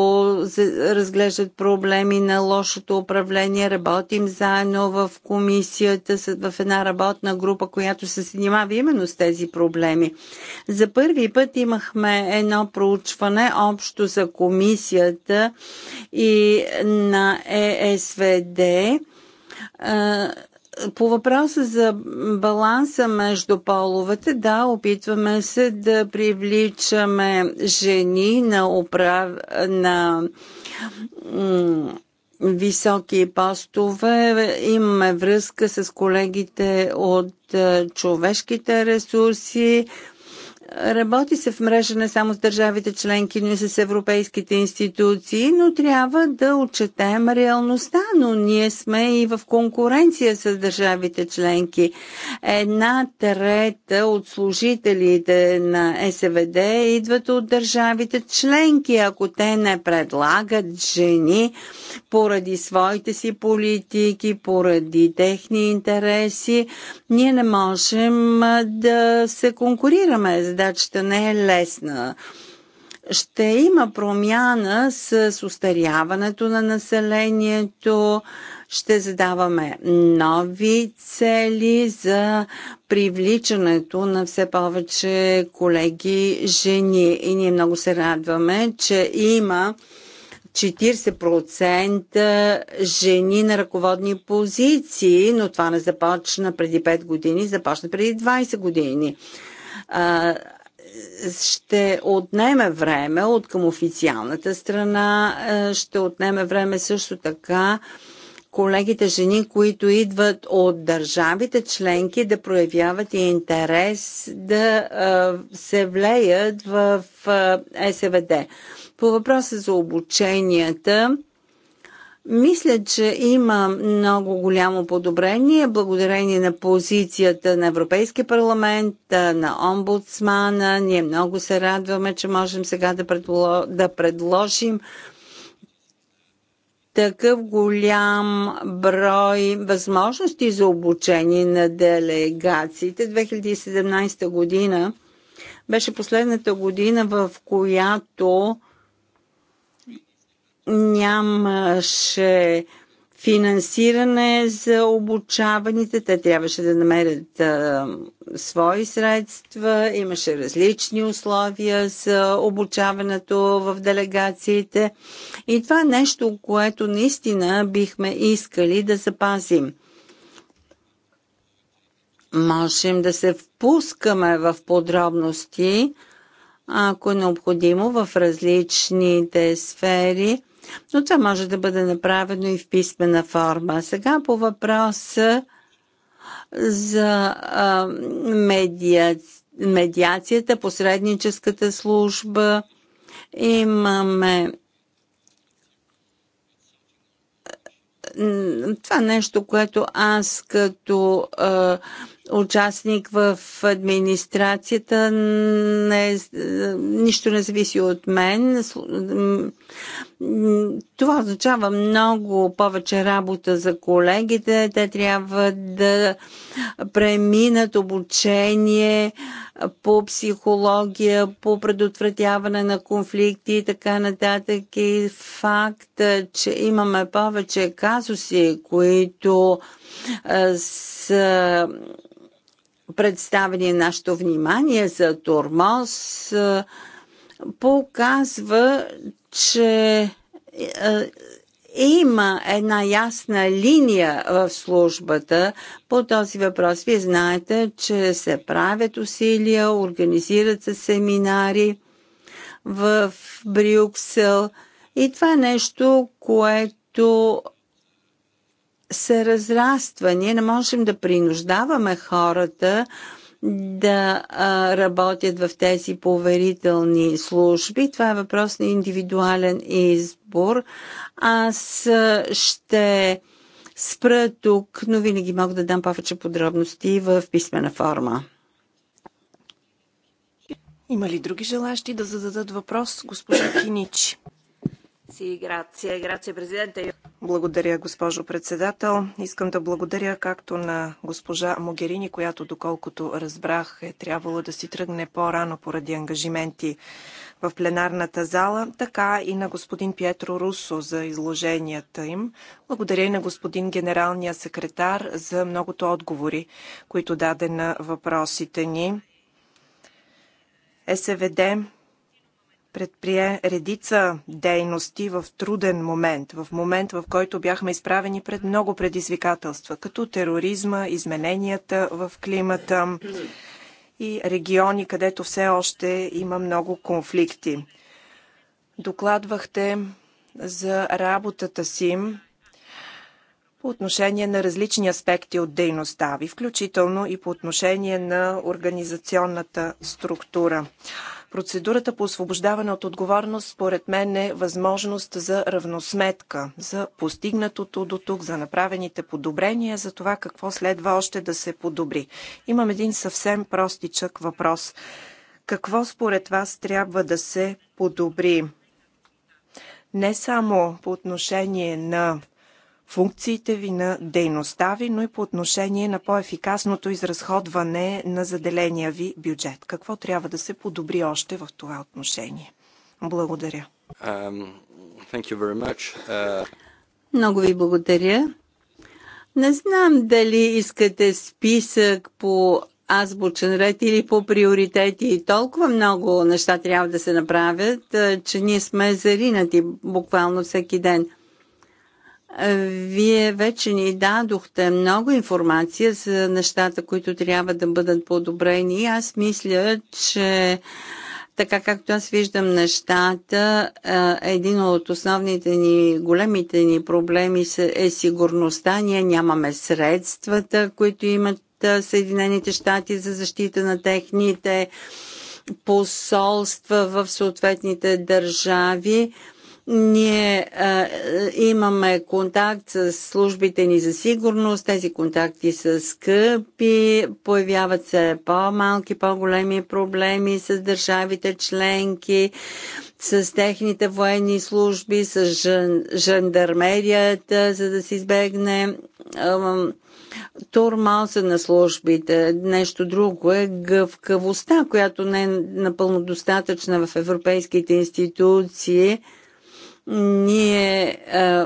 разглеждат проблеми на лошото управление. Работим заедно в комисията, в една работна група, която се занимава именно с тези проблеми. За първи път имахме едно проучване общо за комисията и на ЕСВД по въпроса за баланса между половете, да, опитваме се да привличаме жени на, управ... на високи постове. Имаме връзка с колегите от човешките ресурси. Работи се в мрежа не само с държавите членки, но и с европейските институции, но трябва да отчетем реалността, но ние сме и в конкуренция с държавите членки. Една трета от служителите на СВД идват от държавите членки, ако те не предлагат жени поради своите си политики, поради техни интереси, ние не можем да се конкурираме с задачата не е лесна. Ще има промяна с устаряването на населението, ще задаваме нови цели за привличането на все повече колеги жени. И ние много се радваме, че има 40% жени на ръководни позиции, но това не започна преди 5 години, започна преди 20 години а, ще отнеме време от към официалната страна, ще отнеме време също така колегите жени, които идват от държавите членки да проявяват и интерес да се влеят в СВД. По въпроса за обученията, мисля, че има много голямо подобрение благодарение на позицията на Европейския парламент, на омбудсмана. Ние много се радваме, че можем сега да, предло... да предложим такъв голям брой възможности за обучение на делегациите. 2017 година беше последната година, в която нямаше финансиране за обучаваните. Те трябваше да намерят а, свои средства. Имаше различни условия за обучаването в делегациите. И това е нещо, което наистина бихме искали да запазим. Можем да се впускаме в подробности, ако е необходимо, в различните сфери – но това може да бъде направено и в писмена форма. Сега по въпроса за а, медиа, медиацията, посредническата служба. Имаме това нещо, което аз като а, участник в администрацията не, нищо не зависи от мен. Това означава много повече работа за колегите. Те трябва да преминат обучение по психология, по предотвратяване на конфликти и така нататък. И факт, е, че имаме повече казуси, които е, са представени нашето внимание за тормоз, е, показва, че има една ясна линия в службата по този въпрос. Вие знаете, че се правят усилия, организират се семинари в Брюксел и това е нещо, което се разраства. Ние не можем да принуждаваме хората да работят в тези поверителни служби. Това е въпрос на индивидуален избор. Аз ще спра тук, но винаги мога да дам повече подробности в писмена форма. Има ли други желащи да зададат въпрос, госпожа Киничи? Благодаря, госпожо председател. Искам да благодаря както на госпожа Могерини, която доколкото разбрах е трябвало да си тръгне по-рано поради ангажименти в пленарната зала, така и на господин Пьетро Русо за изложенията им. Благодаря и на господин генералния секретар за многото отговори, които даде на въпросите ни. СВД предприе редица дейности в труден момент, в момент в който бяхме изправени пред много предизвикателства, като тероризма, измененията в климата и региони, където все още има много конфликти. Докладвахте за работата си по отношение на различни аспекти от дейността ви, включително и по отношение на организационната структура. Процедурата по освобождаване от отговорност, според мен, е възможност за равносметка, за постигнатото до тук, за направените подобрения, за това какво следва още да се подобри. Имам един съвсем простичък въпрос. Какво според вас трябва да се подобри? Не само по отношение на функциите ви, на дейността ви, но и по отношение на по-ефикасното изразходване на заделения ви бюджет. Какво трябва да се подобри още в това отношение? Благодаря. Um, uh... Много ви благодаря. Не знам дали искате списък по азбучен ред или по приоритети. Толкова много неща трябва да се направят, че ние сме заринати буквално всеки ден – вие вече ни дадохте много информация за нещата, които трябва да бъдат подобрени. Аз мисля, че така както аз виждам нещата, един от основните ни, големите ни проблеми е сигурността. Ние нямаме средствата, които имат Съединените щати за защита на техните посолства в съответните държави. Ние а, имаме контакт с службите ни за сигурност. Тези контакти са скъпи, появяват се по-малки, по-големи проблеми с държавите членки, с техните военни служби, с жан, жандармерията, за да се избегне турмалса на службите. Нещо друго е гъвкавостта, която не е напълно достатъчна в европейските институции ние а, е,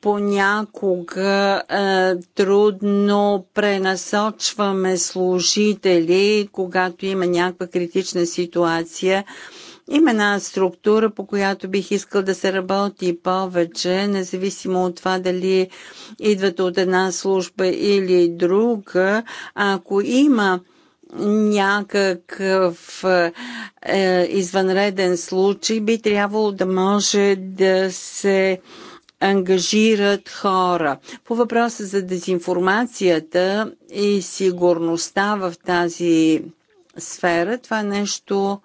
понякога а, е, трудно пренасочваме служители, когато има някаква критична ситуация. Има една структура, по която бих искал да се работи повече, независимо от това дали идват от една служба или друга. Ако има някакъв е, извънреден случай, би трябвало да може да се ангажират хора. По въпроса за дезинформацията и сигурността в тази сфера, това е нещо,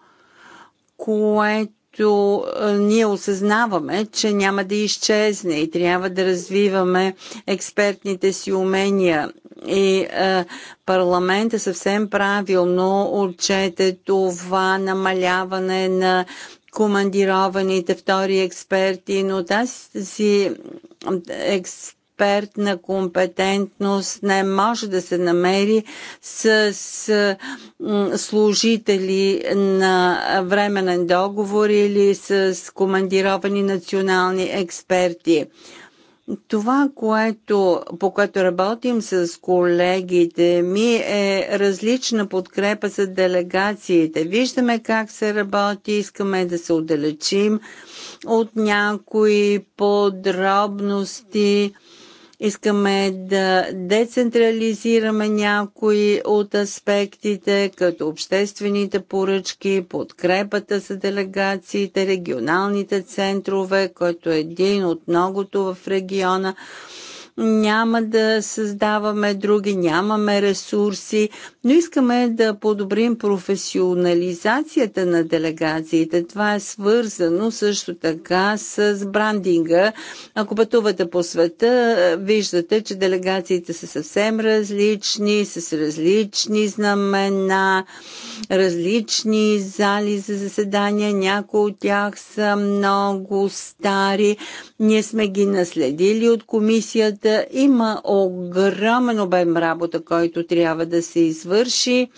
което който ние осъзнаваме, че няма да изчезне и трябва да развиваме експертните си умения. И парламента съвсем правилно отчете това намаляване на командированите втори експерти, но тази екс, експертна компетентност не може да се намери с, служители на временен договор или с командировани национални експерти. Това, което, по което работим с колегите ми е различна подкрепа за делегациите. Виждаме как се работи, искаме да се отдалечим от някои подробности Искаме да децентрализираме някои от аспектите, като обществените поръчки, подкрепата за делегациите, регионалните центрове, който е един от многото в региона, няма да създаваме други, нямаме ресурси, но искаме да подобрим професионализацията на делегациите. Това е свързано също така с брандинга. Ако пътувате по света, виждате, че делегациите са съвсем различни, с различни знамена, различни зали за заседания. Някои от тях са много стари. Ние сме ги наследили от комисията има огромен обем работа, който трябва да се извърши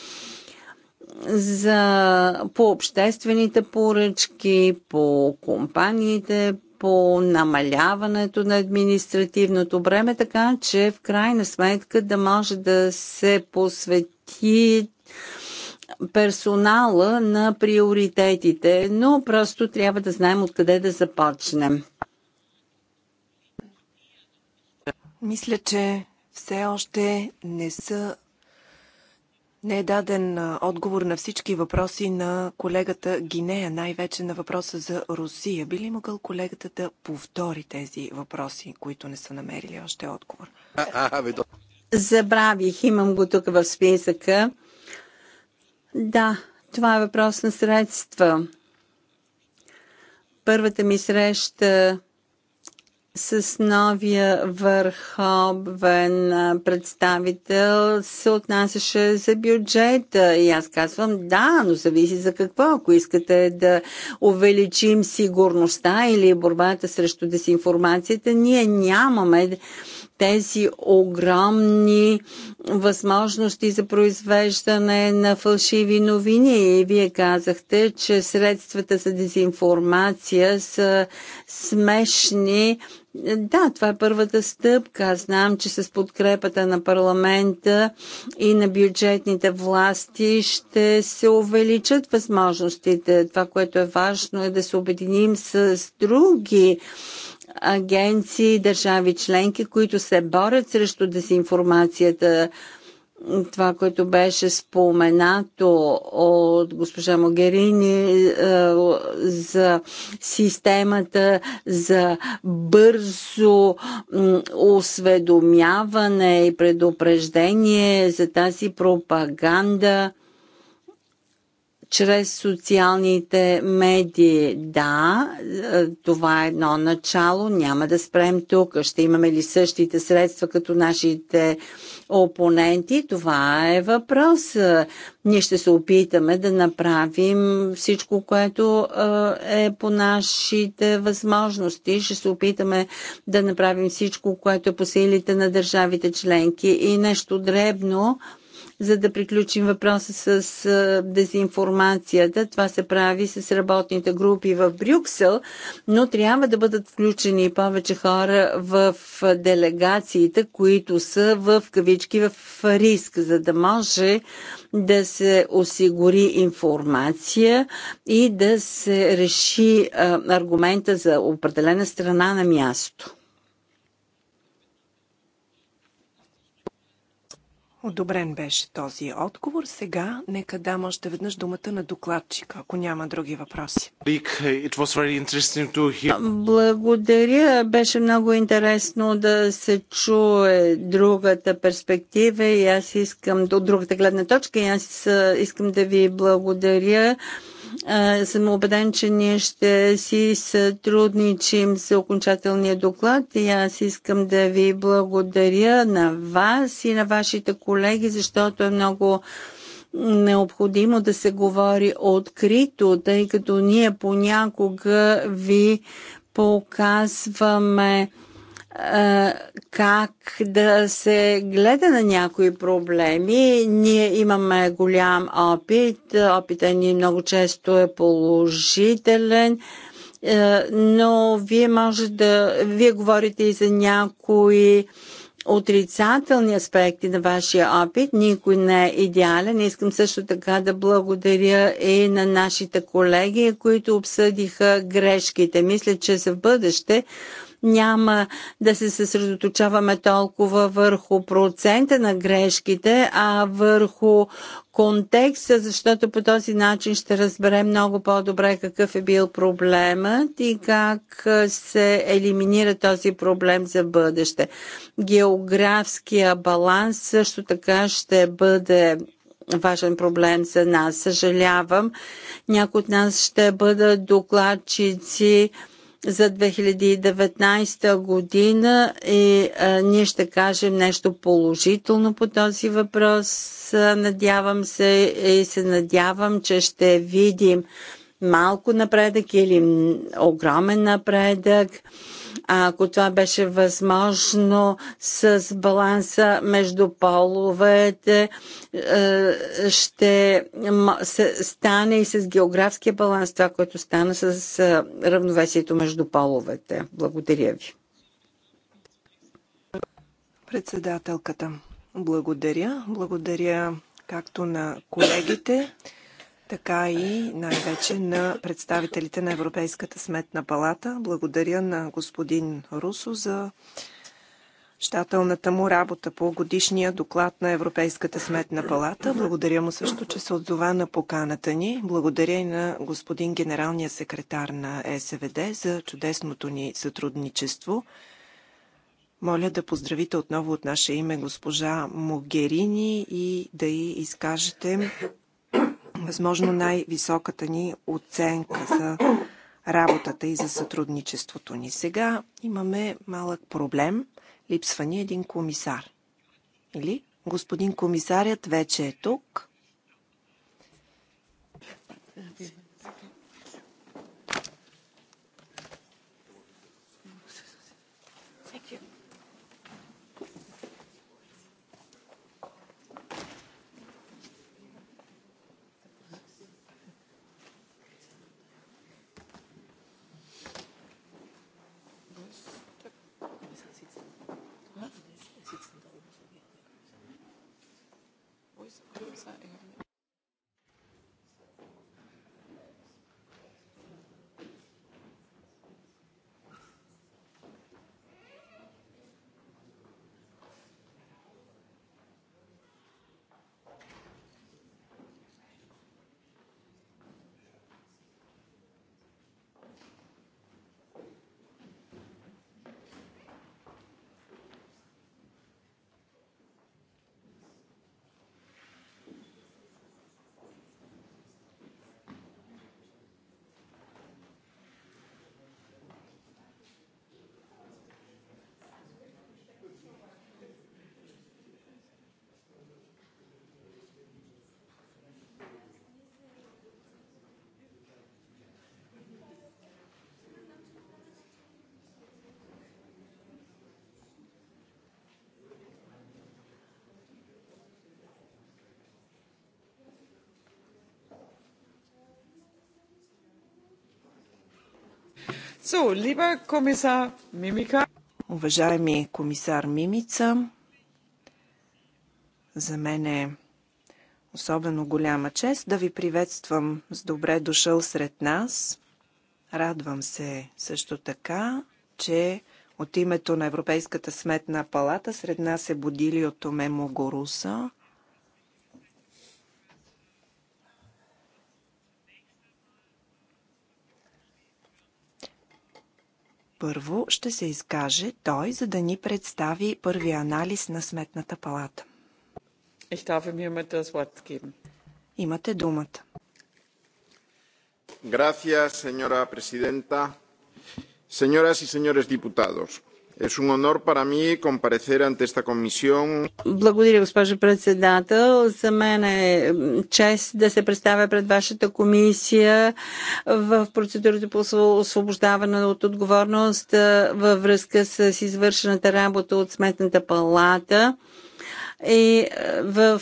за, по обществените поръчки, по компаниите, по намаляването на административното време, така че в крайна сметка да може да се посвети персонала на приоритетите, но просто трябва да знаем откъде да започнем. Мисля, че все още не са не е даден отговор на всички въпроси на колегата Гинея, най-вече на въпроса за Русия. Би ли могъл колегата да повтори тези въпроси, които не са намерили още отговор? Забравих, имам го тук в списъка. Да, това е въпрос на средства. Първата ми среща с новия върховен представител се отнасяше за бюджета. И аз казвам, да, но зависи за какво. Ако искате да увеличим сигурността или борбата срещу дезинформацията, ние нямаме тези огромни възможности за произвеждане на фалшиви новини. И вие казахте, че средствата за дезинформация са смешни. Да, това е първата стъпка. Аз знам, че с подкрепата на парламента и на бюджетните власти ще се увеличат възможностите. Това, което е важно е да се обединим с други агенции, държави членки, които се борят срещу дезинформацията. Това, което беше споменато от госпожа Могерини е, за системата за бързо осведомяване и предупреждение за тази пропаганда – чрез социалните медии. Да, е, това е едно начало, няма да спрем тук. Ще имаме ли същите средства като нашите опоненти? Това е въпрос. Е, ние ще се опитаме да направим всичко, което е, е по нашите възможности. Ще се опитаме да направим всичко, което е по силите на държавите членки и нещо дребно за да приключим въпроса с дезинформацията. Това се прави с работните групи в Брюксел, но трябва да бъдат включени повече хора в делегациите, които са в кавички в риск, за да може да се осигури информация и да се реши аргумента за определена страна на място. Одобрен беше този отговор. Сега нека дам още веднъж думата на докладчика, ако няма други въпроси. Благодаря. Беше много интересно да се чуе другата перспектива и аз искам, от другата гледна точка, и аз искам да ви благодаря съм убеден, че ние ще си сътрудничим за окончателния доклад и аз искам да ви благодаря на вас и на вашите колеги, защото е много необходимо да се говори открито, тъй като ние понякога ви показваме как да се гледа на някои проблеми. Ние имаме голям опит, опита ни много често е положителен, но вие може да, вие говорите и за някои отрицателни аспекти на вашия опит. Никой не е идеален. Искам също така да благодаря и на нашите колеги, които обсъдиха грешките. Мисля, че за бъдеще няма да се съсредоточаваме толкова върху процента на грешките, а върху контекста, защото по този начин ще разберем много по-добре какъв е бил проблемът и как се елиминира този проблем за бъдеще. Географския баланс също така ще бъде важен проблем за нас. Съжалявам, някои от нас ще бъдат докладчици за 2019 година и а, ние ще кажем нещо положително по този въпрос. Надявам се и се надявам, че ще видим малко напредък или огромен напредък ако това беше възможно с баланса между половете, е, ще стане и с географския баланс това, което стана с е, равновесието между половете. Благодаря ви. Председателката, благодаря. Благодаря както на колегите, така и най-вече на представителите на Европейската сметна палата. Благодаря на господин Русо за щателната му работа по годишния доклад на Европейската сметна палата. Благодаря му също, че се отзова на поканата ни. Благодаря и на господин генералния секретар на СВД за чудесното ни сътрудничество. Моля да поздравите отново от наше име госпожа Могерини и да й изкажете възможно най-високата ни оценка за работата и за сътрудничеството ни. Сега имаме малък проблем. Липсва ни един комисар. Или господин комисарят вече е тук. Уважаеми комисар Мимица, за мен е особено голяма чест да ви приветствам с добре дошъл сред нас. Радвам се също така, че от името на Европейската сметна палата сред нас е Бодилиото Мемо Горуса. Първо ще се изкаже той, за да ни представи първия анализ на Сметната палата. Ich darf mir mit das Wort geben. Имате думата. Gracias, señora presidenta. Señoras y señores diputados, благодаря, госпожо председател. За мен е чест да се представя пред вашата комисия в процедурата по освобождаване от отговорност във връзка с извършената работа от Сметната палата и в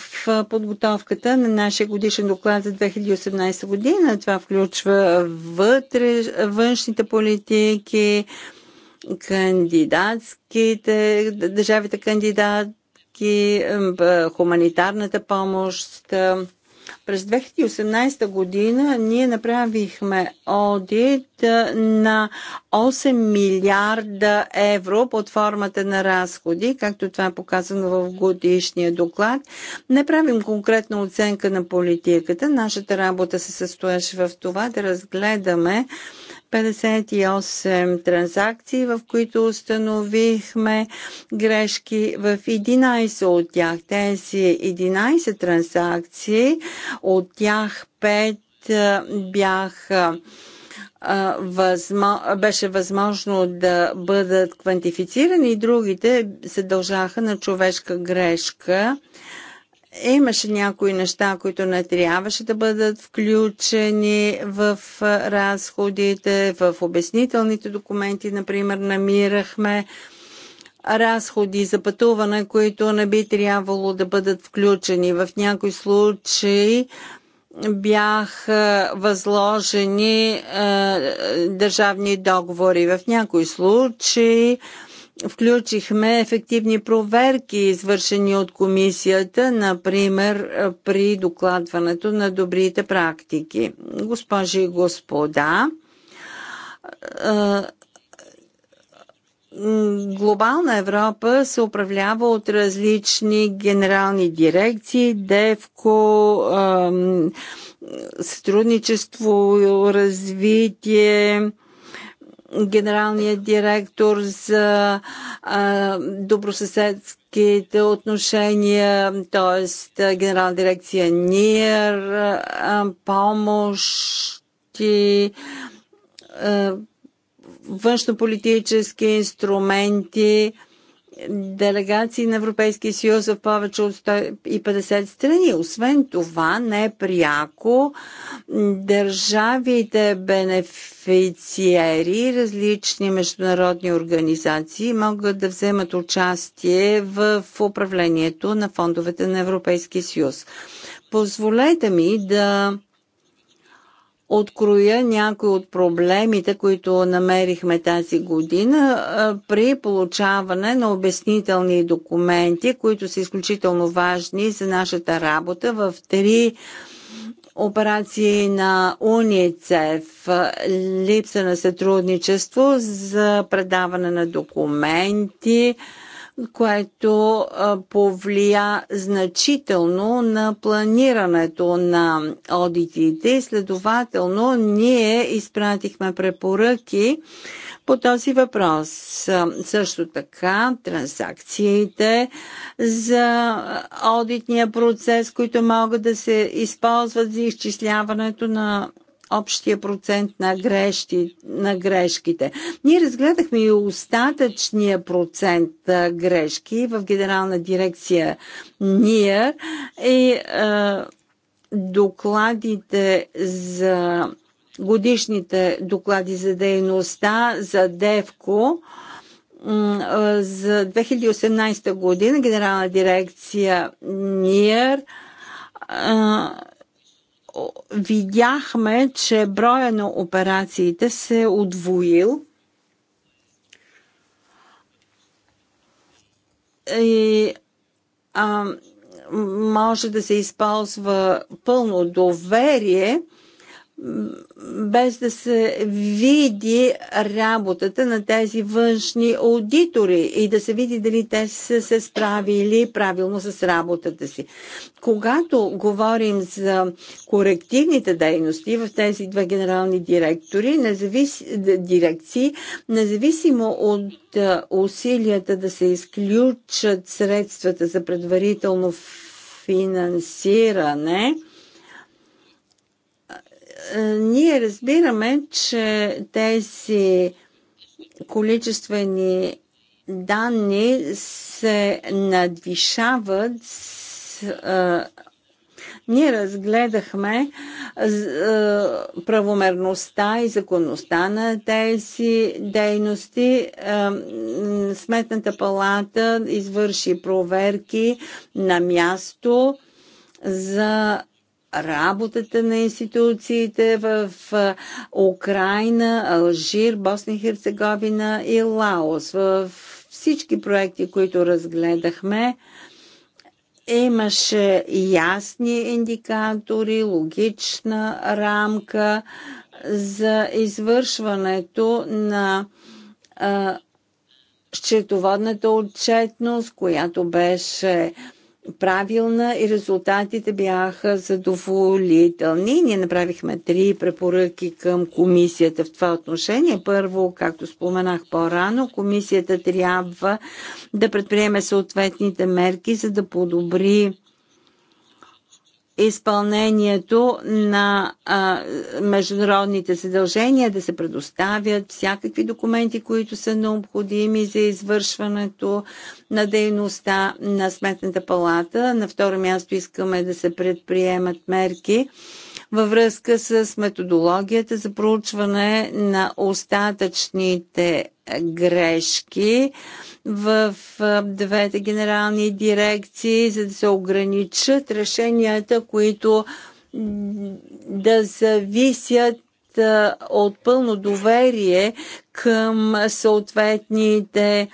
подготовката на нашия годишен доклад за 2018 година. Това включва вътре, външните политики, кандидатските, държавите кандидатки, хуманитарната помощ. През 2018 година ние направихме одит на 8 милиарда евро под формата на разходи, както това е показано в годишния доклад. Не правим конкретна оценка на политиката. Нашата работа се състояше в това да разгледаме 58 транзакции, в които установихме грешки в 11 от тях. Тези 11 транзакции, от тях 5 бяха възмо... беше възможно да бъдат квантифицирани, другите се дължаха на човешка грешка. Имаше някои неща, които не трябваше да бъдат включени в разходите, в обяснителните документи, например, намирахме разходи за пътуване, които не би трябвало да бъдат включени. В някои случаи бяха възложени е, държавни договори. В някои случаи включихме ефективни проверки, извършени от комисията, например при докладването на добрите практики. Госпожи и господа, глобална Европа се управлява от различни генерални дирекции, ДЕВКО, сътрудничество, развитие, генералния директор за добросъседските отношения, т.е. генерална дирекция НИР, а, помощи, външнополитически инструменти делегации на Европейския съюз в повече от 150 страни. Освен това, непряко е държавите бенефициери, различни международни организации могат да вземат участие в управлението на фондовете на Европейския съюз. Позволете ми да откроя някои от проблемите, които намерихме тази година при получаване на обяснителни документи, които са изключително важни за нашата работа в три операции на УНИЦЕФ, липса на сътрудничество за предаване на документи, което повлия значително на планирането на одитите следователно ние изпратихме препоръки по този въпрос. Също така транзакциите за одитния процес, които могат да се използват за изчисляването на общия процент на, грешки, на грешките. Ние разгледахме и остатъчния процент на грешки в Генерална дирекция НИР и е, а, докладите за годишните доклади за дейността за ДЕВКО за 2018 година Генерална дирекция НИР видяхме, че броя на операциите се е удвоил. И а, може да се използва пълно доверие без да се види работата на тези външни аудитори и да се види дали те са се справили правилно с работата си. Когато говорим за корективните дейности в тези две генерални директори, независ... дирекции, независимо от усилията да се изключат средствата за предварително финансиране, е, ние разбираме, че тези количествени данни се надвишават с, е, ние разгледахме е, правомерността и законността на тези дейности. Сметната палата извърши проверки на място за работата на институциите в Украина, Алжир, Босна и Херцеговина и Лаос. В всички проекти, които разгледахме, имаше ясни индикатори, логична рамка за извършването на а, счетоводната отчетност, която беше а, правилна и резултатите бяха задоволителни. Ние направихме три препоръки към комисията в това отношение. Първо, както споменах по-рано, комисията трябва да предприеме съответните мерки, за да подобри изпълнението на а, международните съдължения, да се предоставят всякакви документи, които са необходими за извършването на дейността на Сметната палата. На второ място искаме да се предприемат мерки във връзка с методологията за проучване на остатъчните грешки в двете генерални дирекции, за да се ограничат решенията, които да зависят от пълно доверие към съответните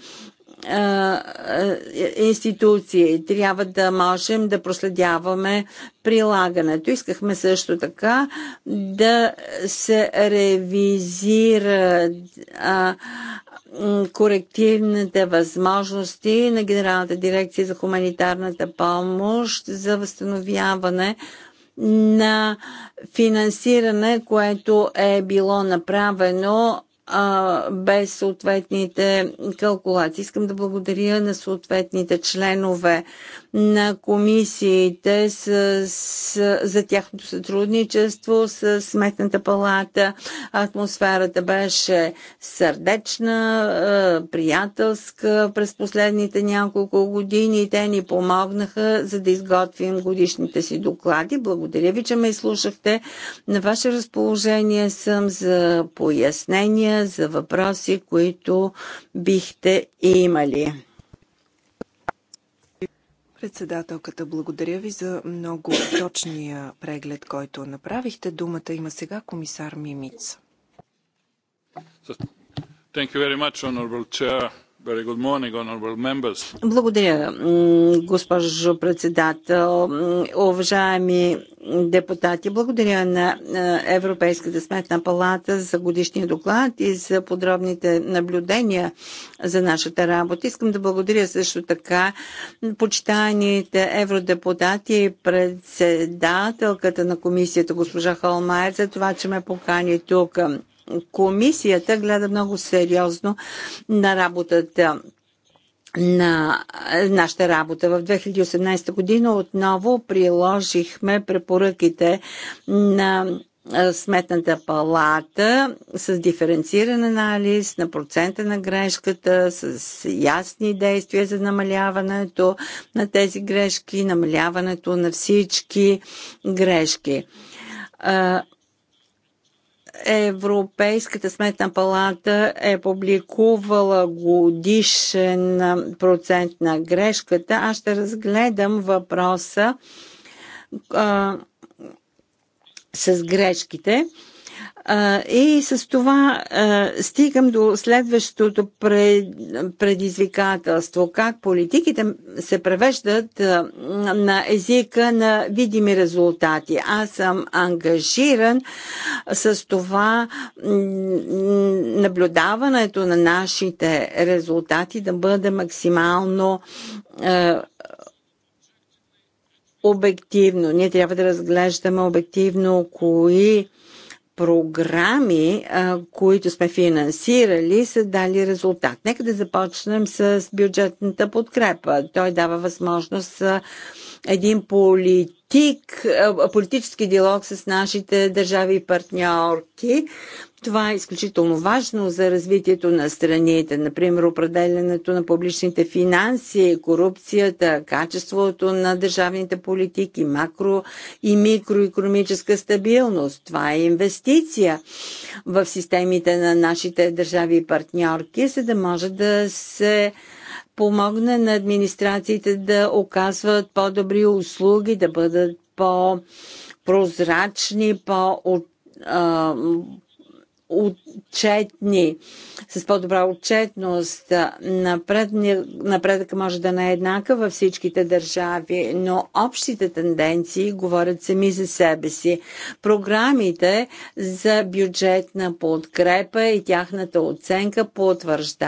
институции. Трябва да можем да проследяваме прилагането. Искахме също така да се ревизира корективните възможности на Генералната дирекция за хуманитарната помощ за възстановяване на финансиране, което е било направено а, без съответните калкулации. Искам да благодаря на съответните членове на комисиите с, с, за тяхното сътрудничество с Сметната палата. Атмосферата беше сърдечна, е, приятелска през последните няколко години и те ни помогнаха за да изготвим годишните си доклади. Благодаря ви, че ме изслушахте. На ваше разположение съм за пояснения, за въпроси, които бихте имали. Председателката, благодаря ви за много точния преглед, който направихте. Думата има сега комисар Мимиц. Thank you very much, Honorable Chair. Благодаря, госпожо председател. Уважаеми депутати, благодаря на Европейската сметна палата за годишния доклад и за подробните наблюдения за нашата работа. Искам да благодаря също така почитаните евродепутати и председателката на комисията госпожа Холмайер за това, че ме покани тук комисията гледа много сериозно на работата на е, нашата работа. В 2018 година отново приложихме препоръките на е, Сметната палата с диференциран анализ на процента на грешката, с ясни действия за намаляването на тези грешки, намаляването на всички грешки. Е, Европейската сметна палата е публикувала годишен процент на грешката. Аз ще разгледам въпроса а, с грешките. И с това стигам до следващото предизвикателство. Как политиките се превеждат на езика на видими резултати. Аз съм ангажиран с това наблюдаването на нашите резултати да бъде максимално обективно. Ние трябва да разглеждаме обективно кои програми, които сме финансирали, са дали резултат. Нека да започнем с бюджетната подкрепа. Той дава възможност един политик, политически диалог с нашите държави и партньорки това е изключително важно за развитието на страните, например определенето на публичните финанси, корупцията, качеството на държавните политики, макро и микроекономическа стабилност. Това е инвестиция в системите на нашите държави и партньорки, за да може да се помогне на администрациите да оказват по-добри услуги, да бъдат по-прозрачни, по-отчетни отчетни, с по-добра отчетност. Напредъка напредък може да не е еднака във всичките държави, но общите тенденции говорят сами за себе си. Програмите за бюджетна подкрепа и тяхната оценка потвърждават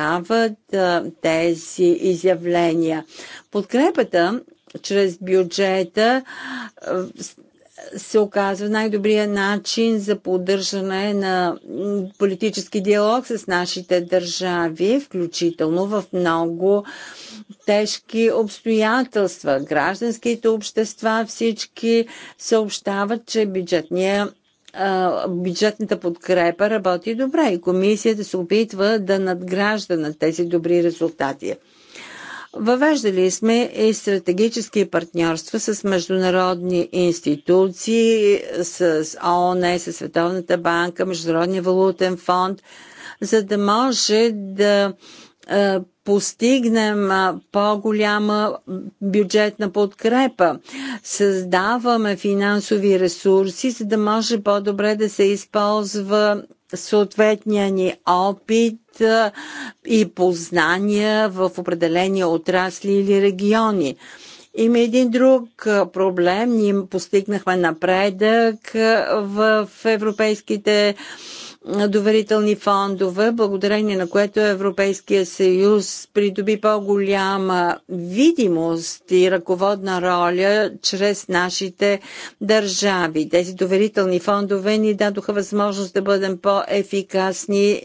тези изявления. Подкрепата чрез бюджета се оказва най-добрия начин за поддържане на политически диалог с нашите държави, включително в много тежки обстоятелства. Гражданските общества всички съобщават, че бюджетния бюджетната подкрепа работи добре и комисията се опитва да надгражда на тези добри резултати. Въвеждали сме и стратегически партньорства с международни институции, с ООН, с Световната банка, Международния валутен фонд, за да може да постигнем по-голяма бюджетна подкрепа. Създаваме финансови ресурси, за да може по-добре да се използва съответния ни опит и познания в определени отрасли или региони. Има един друг проблем. Ние постигнахме напредък в европейските доверителни фондове, благодарение на което Европейския съюз придоби по-голяма видимост и ръководна роля чрез нашите държави. Тези доверителни фондове ни дадоха възможност да бъдем по-ефикасни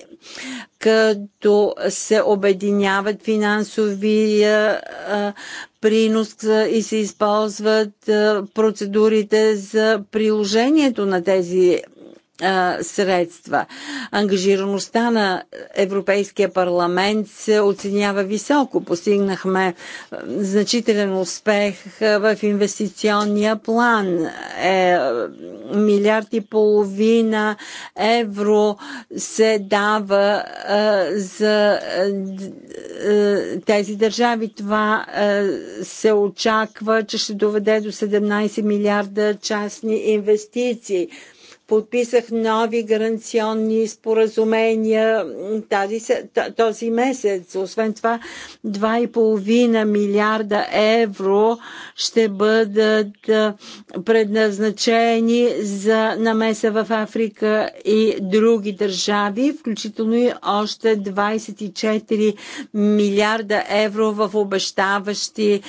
като се обединяват финансовия принос и се използват процедурите за приложението на тези средства. Ангажираността на Европейския парламент се оценява високо. Постигнахме значителен успех в инвестиционния план. Е, милиард и половина евро се дава е, за е, тези държави. Това е, се очаква, че ще доведе до 17 милиарда частни инвестиции. Подписах нови гаранционни споразумения тази, този месец. Освен това, 2,5 милиарда евро ще бъдат предназначени за намеса в Африка и други държави, включително и още 24 милиарда евро в обещаващи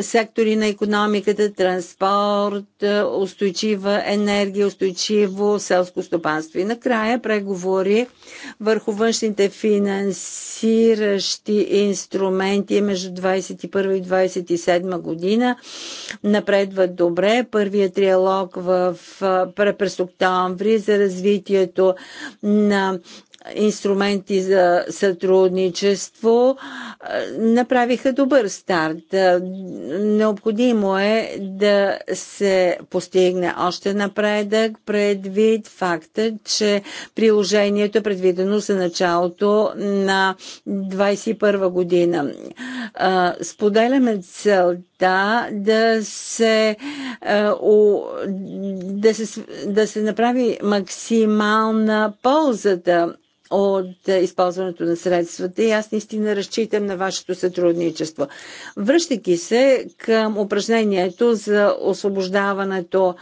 сектори на економиката, транспорт, е, устойчива енергия, устойчиво селско стопанство. И накрая преговори върху външните финансиращи инструменти между 21 и 27 година напредват добре. Първият триалог в, е, през октомври за развитието на инструменти за сътрудничество направиха добър старт. Необходимо е да се постигне още напредък предвид факта, че приложението е предвидено за началото на 2021 година. Споделяме целта да се, да се, да се направи максимална ползата от е, използването на средствата и аз наистина разчитам на вашето сътрудничество. Връщайки се към упражнението за освобождаването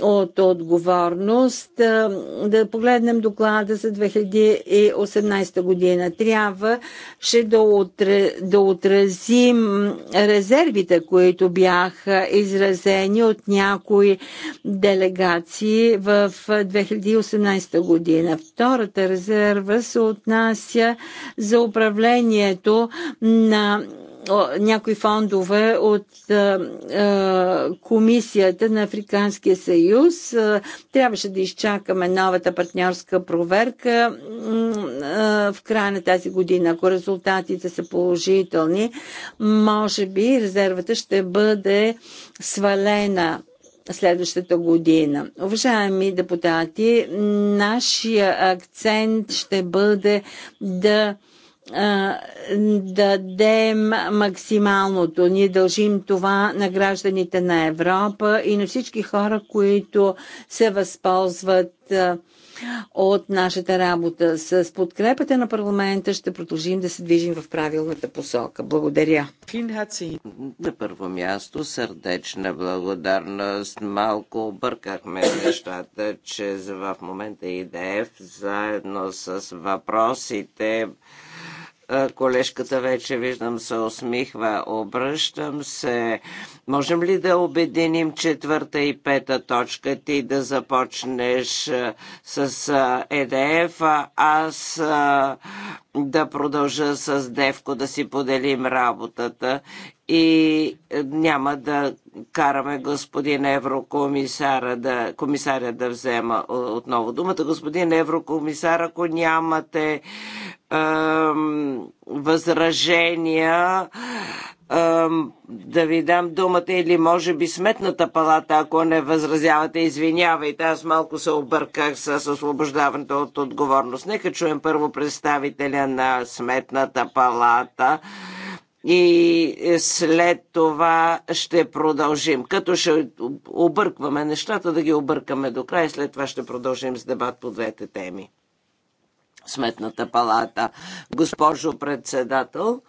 от отговорност. Е, да погледнем доклада за 2018 година. Трябваше да, отре, да отразим резервите, които бяха изразени от някои делегации в 2018 година. Втората резерва се отнася за управлението на някои фондове от Комисията на Африканския съюз. Трябваше да изчакаме новата партньорска проверка в края на тази година. Ако резултатите са положителни, може би резервата ще бъде свалена следващата година. Уважаеми депутати, нашия акцент ще бъде да дадем максималното. Ние дължим това на гражданите на Европа и на всички хора, които се възползват от нашата работа. С подкрепата на парламента ще продължим да се движим в правилната посока. Благодаря. На първо място сърдечна благодарност. Малко объркахме нещата, че в момента е ИДФ заедно с въпросите Колежката вече виждам се усмихва. Обръщам се. Можем ли да обединим четвърта и пета точка? Ти да започнеш с ЕДФ, а аз да продължа с Девко да си поделим работата и няма да караме господин еврокомисара да, комисаря да взема отново думата. Господин еврокомисар, ако нямате възражения да ви дам думата или може би сметната палата, ако не възразявате, извинявайте, аз малко се обърках с освобождаването от отговорност. Нека чуем първо представителя на сметната палата и след това ще продължим. Като ще объркваме нещата, да ги объркаме до края, след това ще продължим с дебат по двете теми. Сметната палата. Госпожо председател,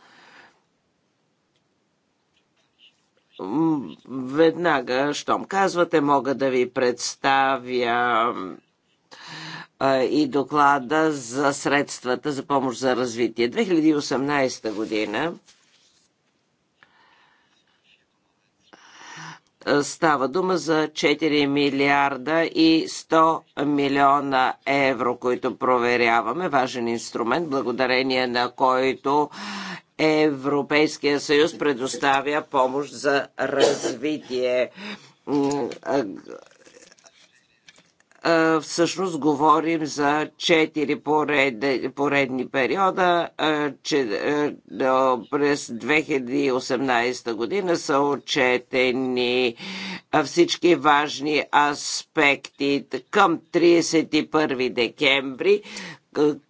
веднага, щом казвате, мога да ви представя и доклада за средствата за помощ за развитие. 2018 година Става дума за 4 милиарда и 100 милиона евро, които проверяваме. Важен инструмент, благодарение на който Европейския съюз предоставя помощ за развитие всъщност говорим за 4 поредни периода. Че, през 2018 година са отчетени всички важни аспекти към 31 декември,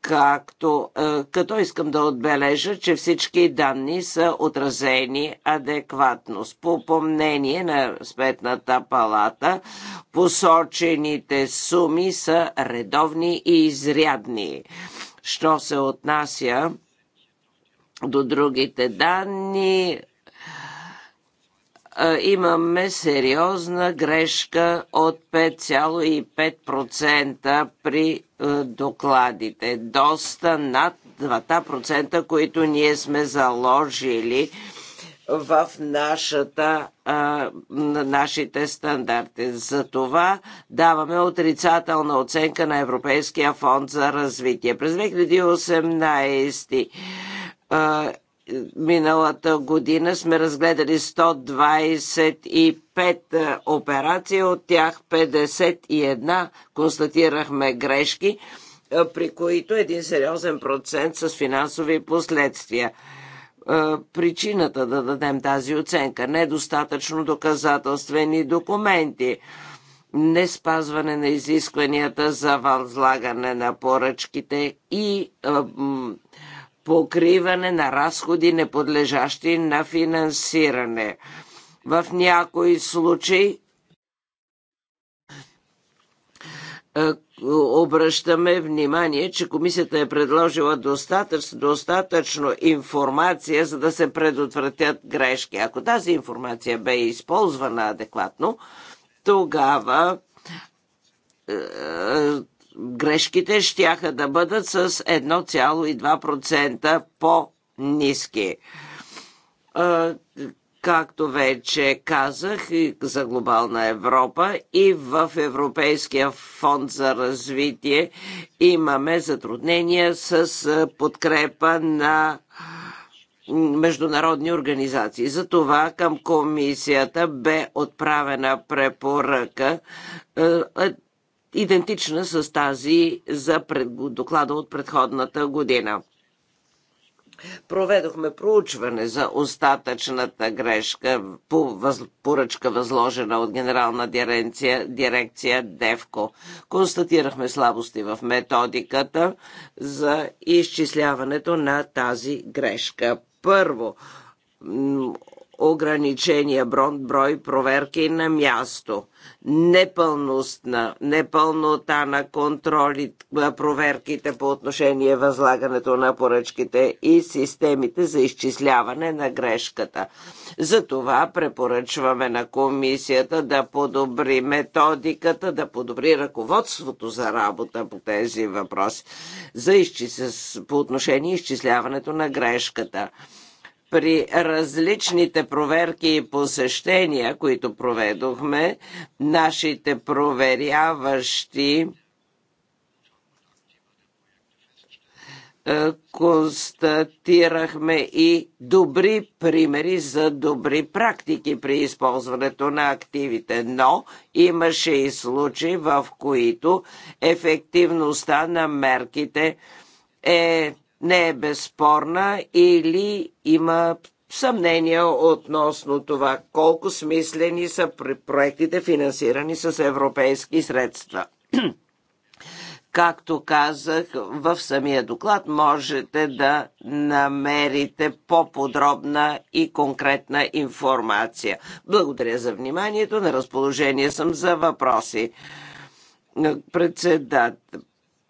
както, е, като искам да отбележа, че всички данни са отразени адекватно. По, помнение на Сметната палата, посочените суми са редовни и изрядни. Що се отнася до другите данни, имаме сериозна грешка от 5,5% при докладите. Доста над 2%, които ние сме заложили в нашата, а, нашите стандарти. За това даваме отрицателна оценка на Европейския фонд за развитие. През 2018 миналата година сме разгледали 125 е, операции, от тях 51 констатирахме грешки, е, при които един сериозен процент с финансови последствия. Е, причината да дадем тази оценка недостатъчно доказателствени документи не спазване на изискванията за възлагане на поръчките и а, покриване на разходи, неподлежащи на финансиране. В някои случаи е, обръщаме внимание, че комисията е предложила достатъчно, достатъчно информация, за да се предотвратят грешки. Ако тази информация бе използвана адекватно, тогава е, е, грешките щяха да бъдат с 1,2% по-низки. Както вече казах, и за глобална Европа и в Европейския фонд за развитие имаме затруднения с подкрепа на международни организации. Затова към комисията бе отправена препоръка идентична с тази за пред, доклада от предходната година. Проведохме проучване за остатъчната грешка по въз, поръчка възложена от Генерална дирекция, дирекция ДЕВКО. Констатирахме слабости в методиката за изчисляването на тази грешка. Първо, ограничения брон, брой проверки на място, непълност на, непълнота на контроли, проверките по отношение възлагането на поръчките и системите за изчисляване на грешката. Затова препоръчваме на комисията да подобри методиката, да подобри ръководството за работа по тези въпроси за изчис... по отношение изчисляването на грешката при различните проверки и посещения, които проведохме, нашите проверяващи е, констатирахме и добри примери за добри практики при използването на активите, но имаше и случаи, в които ефективността на мерките е не е безспорна или има съмнения относно това колко смислени са проектите финансирани с европейски средства. [CLEARS THROAT] Както казах, в самия доклад можете да намерите по-подробна и конкретна информация. Благодаря за вниманието. На разположение съм за въпроси. Председател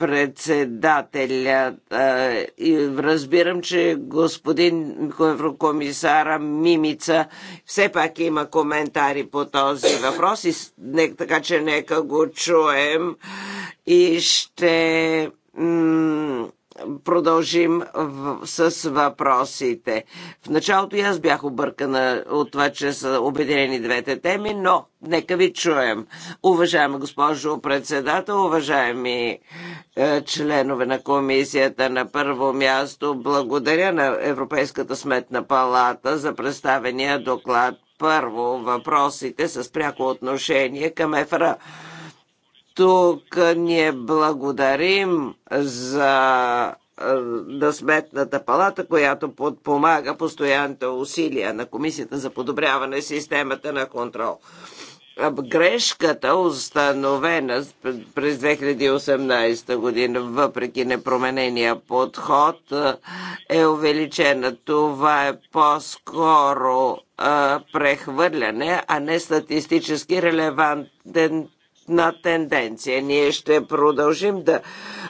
председателя. И разбирам, че господин еврокомисара Мимица все пак има коментари по този въпрос, и, не, така че нека го чуем и ще продължим в, с въпросите. В началото и аз бях объркана от това, че са обединени двете теми, но нека ви чуем. Уважаема госпожо председател, уважаеми е, членове на комисията, на първо място благодаря на Европейската сметна палата за представения доклад. Първо, въпросите с пряко отношение към ЕФРА тук ние благодарим за е, на Сметната палата, която подпомага постоянните усилия на Комисията за подобряване системата на контрол. Грешката, установена през 2018 година, въпреки непроменения подход, е, е увеличена. Това е по-скоро е, прехвърляне, а не статистически релевантен на тенденция. Ние ще продължим да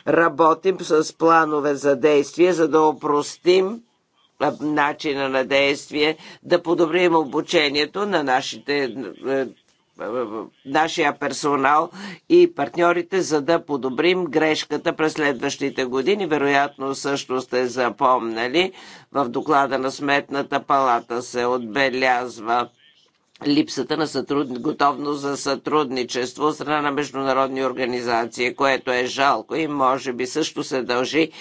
работим с планове за действие, за да опростим начина на действие, да подобрим обучението на нашите е, нашия персонал и партньорите, за да подобрим грешката през следващите години. Вероятно също сте запомнали, в доклада на Сметната палата се отбелязва липсата на сътруд... готовност за сътрудничество от страна на международни организации, което е жалко и може би също се дължи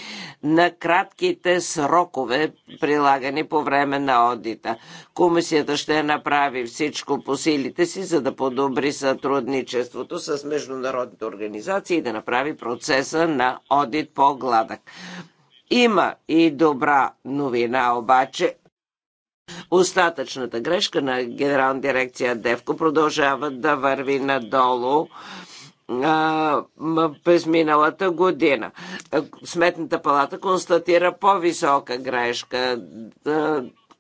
на кратките срокове, прилагани по време на одита. Комисията ще направи всичко по силите си, за да подобри сътрудничеството с международните организации и да направи процеса на одит по-гладък. Има и добра новина обаче, Остатъчната грешка на Генерална дирекция Девко продължава да върви надолу през миналата година. Сметната палата констатира по-висока грешка,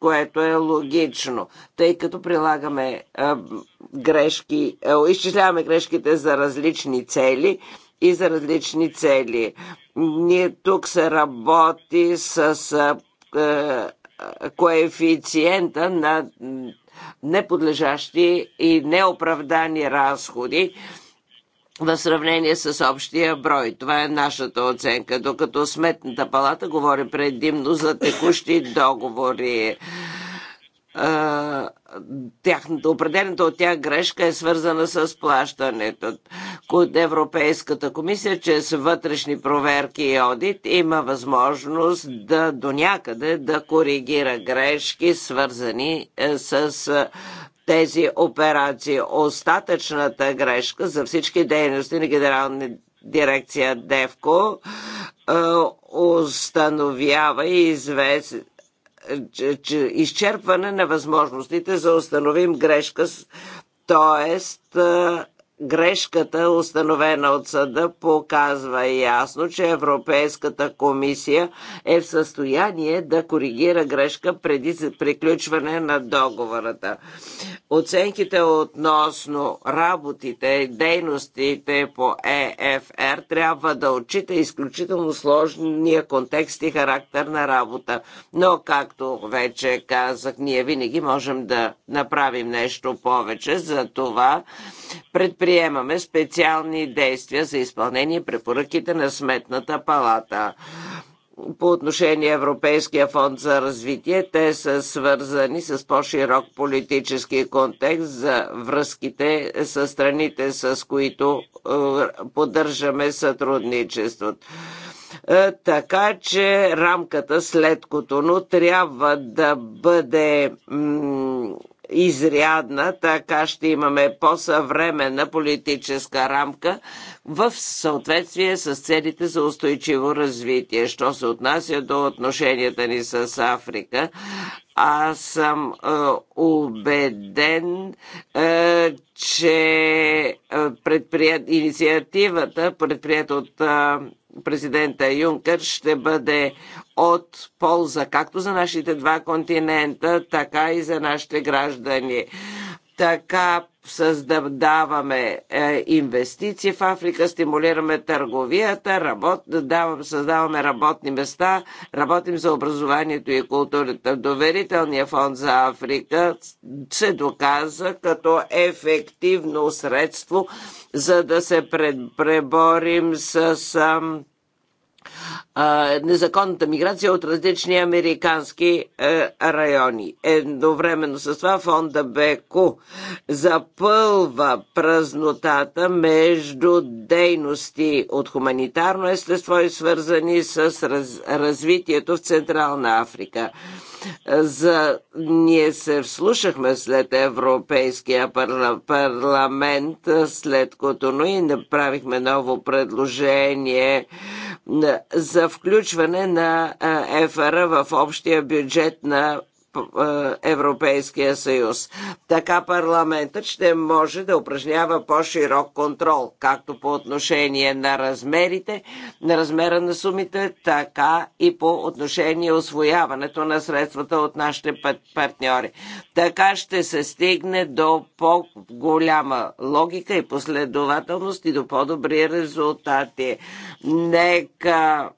което е логично, тъй като прилагаме грешки, изчисляваме грешките за различни цели и за различни цели. Ние тук се работи с коефициента на неподлежащи и неоправдани разходи в сравнение с общия брой. Това е нашата оценка, докато Сметната палата говори предимно за текущи договори тяхната, определената от тях грешка е свързана с плащането. От Европейската комисия, чрез вътрешни проверки и одит, има възможност да до някъде да коригира грешки, свързани е, с е, тези операции. Остатъчната грешка за всички дейности на генерални дирекция ДЕВКО е, установява и извест, изчерпване на възможностите за установим грешка, т.е. грешката, установена от съда, показва ясно, че Европейската комисия е в състояние да коригира грешка преди приключване на договората. Оценките относно работите, и дейностите по ЕФР трябва да отчита изключително сложния контекст и характер на работа. Но, както вече казах, ние винаги можем да направим нещо повече. За това предприемаме специални действия за изпълнение препоръките на Сметната палата по отношение Европейския фонд за развитие. Те са свързани с по-широк политически контекст за връзките с страните, с които е, поддържаме сътрудничеството. Е, така че рамката след Котону трябва да бъде изрядна, така ще имаме по-съвременна политическа рамка в съответствие с целите за устойчиво развитие. Що се отнася до отношенията ни с Африка, аз съм е, убеден, е, че е, предприят, инициативата, предприят от е, президента Юнкър ще бъде от полза както за нашите два континента, така и за нашите граждани. Така създаваме е, инвестиции в Африка, стимулираме търговията, работ, давам, създаваме работни места, работим за образованието и културата. Доверителният фонд за Африка се доказа като ефективно средство, за да се пред, преборим с. Ам, незаконната миграция от различни американски е, райони. Едновременно с това фонда БЕКО запълва празнотата между дейности от хуманитарно естество и свързани с раз, развитието в Централна Африка. За... Ние се вслушахме след Европейския парла... парламент, след като но и направихме ново предложение за включване на ЕФР в общия бюджет на е, Европейския съюз. Така парламентът ще може да упражнява по-широк контрол, както по отношение на размерите, на размера на сумите, така и по отношение освояването на средствата от нашите партньори. Така ще се стигне до по-голяма логика и последователност и до по-добри резултати. Нека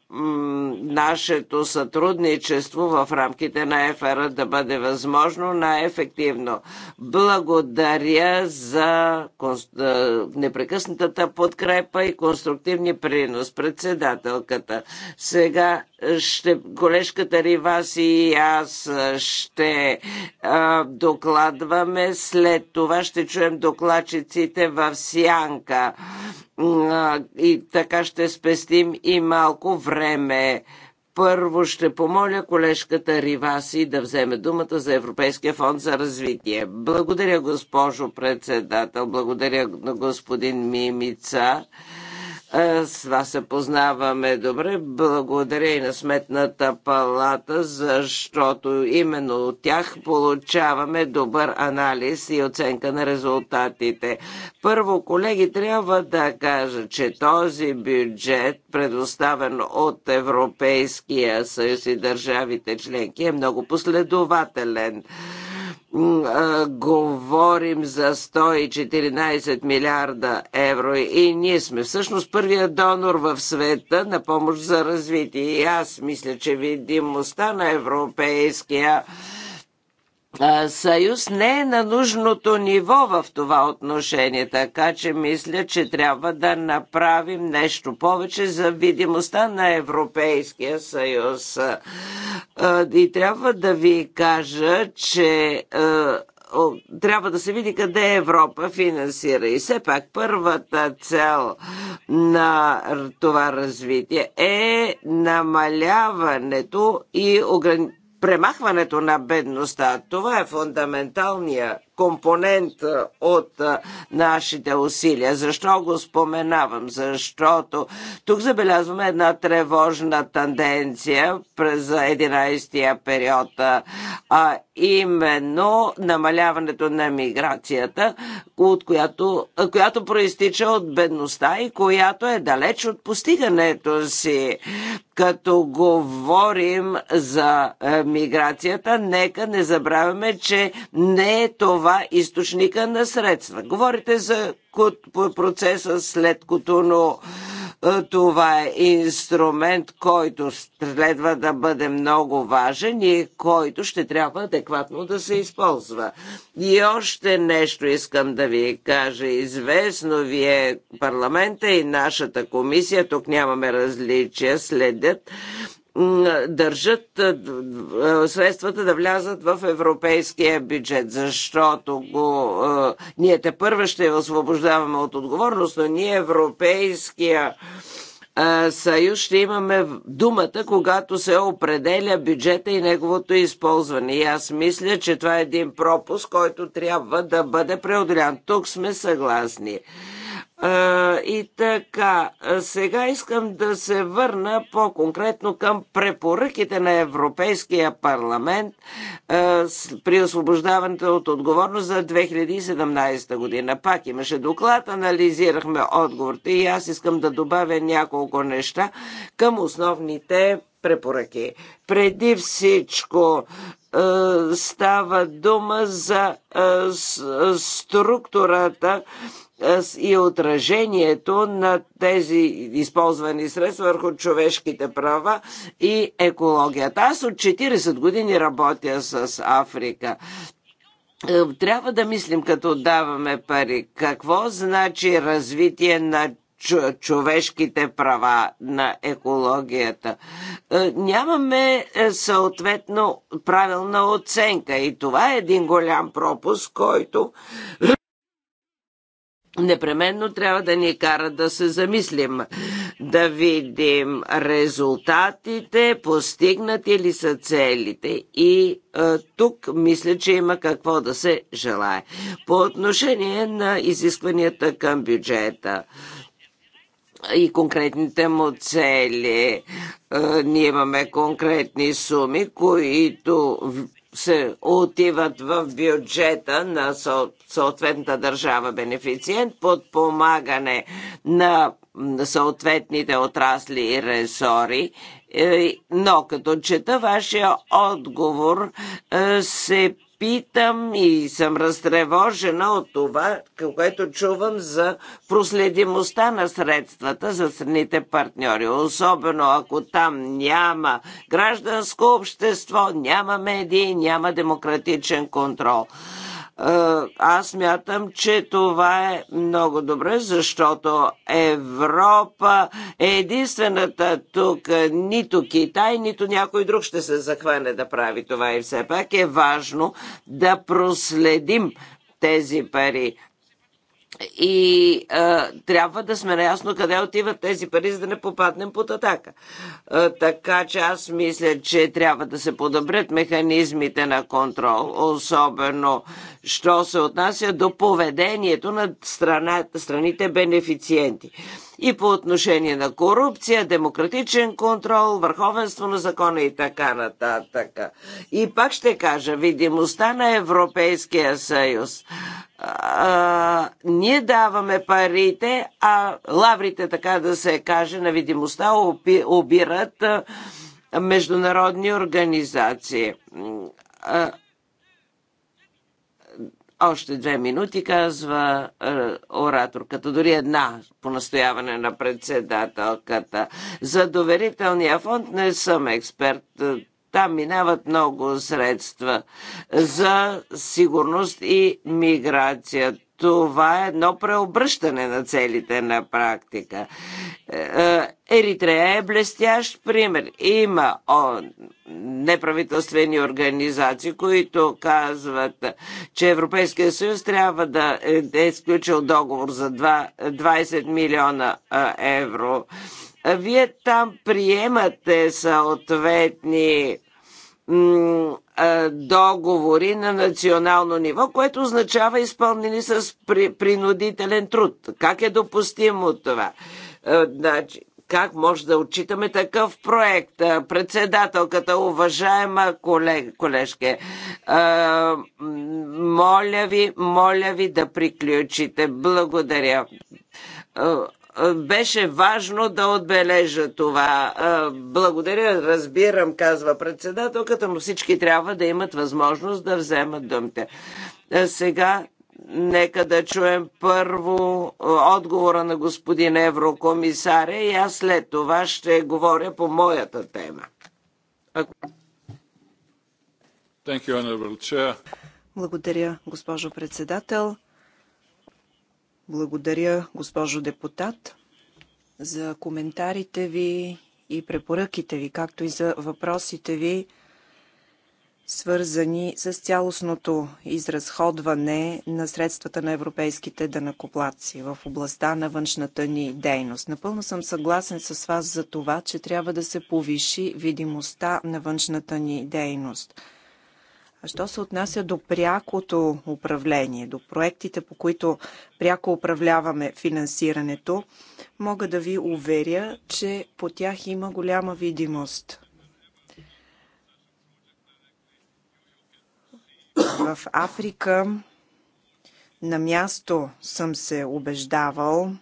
нашето сътрудничество в рамките на ЕФР да бъде възможно най-ефективно. Благодаря за непрекъснатата подкрепа и конструктивни принос. Председателката. Сега ще, колежката Риваси и аз ще а, докладваме. След това ще чуем докладчиците в Сянка и така ще спестим и малко време. Първо ще помоля колежката Риваси да вземе думата за Европейския фонд за развитие. Благодаря, госпожо председател, благодаря на господин Мимица с вас се познаваме добре. Благодаря и на Сметната палата, защото именно от тях получаваме добър анализ и оценка на резултатите. Първо, колеги, трябва да кажа, че този бюджет, предоставен от Европейския съюз и държавите членки, е много последователен говорим за 114 милиарда евро и ние сме всъщност първия донор в света на помощ за развитие. И аз мисля, че видимостта на Европейския съюз не е на нужното ниво в това отношение, така че мисля, че трябва да направим нещо повече за видимостта на Европейския съюз. И трябва да ви кажа, че трябва да се види къде Европа финансира. И все пак първата цел на това развитие е намаляването и ограничението премахването на бедността. Това е фундаменталният компонент от нашите усилия. Защо го споменавам? Защото тук забелязваме една тревожна тенденция през 11-я период, а именно намаляването на миграцията, от която, която проистича от бедността и която е далеч от постигането си. Като говорим за миграцията, нека не забравяме, че не е това това източника на средства. Говорите за процеса след като, но е, Това е инструмент, който следва да бъде много важен и който ще трябва адекватно да се използва. И още нещо искам да ви кажа. Известно ви е парламента и нашата комисия, тук нямаме различия, следят държат средствата да влязат в европейския бюджет, защото го, ние те първа ще освобождаваме от отговорност, но ние европейския съюз ще имаме думата, когато се определя бюджета и неговото използване. И аз мисля, че това е един пропуск, който трябва да бъде преодолян. Тук сме съгласни. И така, сега искам да се върна по-конкретно към препоръките на Европейския парламент при освобождаването от отговорност за 2017 година. Пак имаше доклад, анализирахме отговорите и аз искам да добавя няколко неща към основните препоръки. Преди всичко е, става дума за е, е, структурата и отражението на тези използвани средства върху човешките права и екологията. Аз от 40 години работя с Африка трябва да мислим, като даваме пари, какво значи развитие на човешките права, на екологията. Е, нямаме е, съответно правилна оценка и това е един голям пропуск, който непременно трябва да ни кара да се замислим, да видим резултатите, постигнати ли са целите и е, тук мисля, че има какво да се желае. По отношение на изискванията към бюджета, и конкретните му цели. Е, ние имаме конкретни суми, които се отиват в бюджета на съответната държава бенефициент, подпомагане на съответните отрасли и ресори. Е, но като чета вашия отговор, е, се питам и съм разтревожена от това, което чувам за проследимостта на средствата за страните партньори. Особено ако там няма гражданско общество, няма медии, няма демократичен контрол. Аз мятам, че това е много добре, защото Европа е единствената тук, е, нито Китай, нито някой друг ще се захване да прави това. И все пак е важно да проследим тези пари. И а, трябва да сме наясно къде отиват тези пари, за да не попаднем под атака. А, така че аз мисля, че трябва да се подобрят механизмите на контрол, особено що се отнася до поведението на страна, страните бенефициенти и по отношение на корупция, демократичен контрол, върховенство на закона и така нататък. И пак ще кажа, видимостта на Европейския съюз. А, ние даваме парите, а лаврите, така да се каже, на видимостта обират международни организации. А, още две минути, казва е, ораторката, дори една по настояване на председателката. За доверителния фонд не съм експерт. Е, там минават много средства за сигурност и миграция това е едно преобръщане на целите на практика. Е, е, Еритрея е блестящ пример. Има о, неправителствени организации, които казват, че Европейския съюз трябва да е изключил е договор за 20 милиона евро. Вие там приемате съответни е, договори на национално ниво, което означава изпълнени с принудителен труд. Как е допустимо това? Е, значи, как може да отчитаме такъв проект? Е, председателката, уважаема колег, колежке, моля ви, моля ви да приключите. Благодаря. Е, беше важно да отбележа това. Е, благодаря, разбирам, казва председателката, но всички трябва да имат възможност да вземат думите. Е, сега нека да чуем първо отговора на господин еврокомисаря и аз след това ще говоря по моята тема. Благодаря, госпожо председател. Благодаря, госпожо депутат, за коментарите ви и препоръките ви, както и за въпросите ви, свързани с цялостното изразходване на средствата на европейските данакоплаци в областта на външната ни дейност. Напълно съм съгласен с вас за това, че трябва да се повиши видимостта на външната ни дейност – а що се отнася до прякото управление, до проектите, по които пряко управляваме финансирането, мога да ви уверя, че по тях има голяма видимост. В Африка на място съм се убеждавал,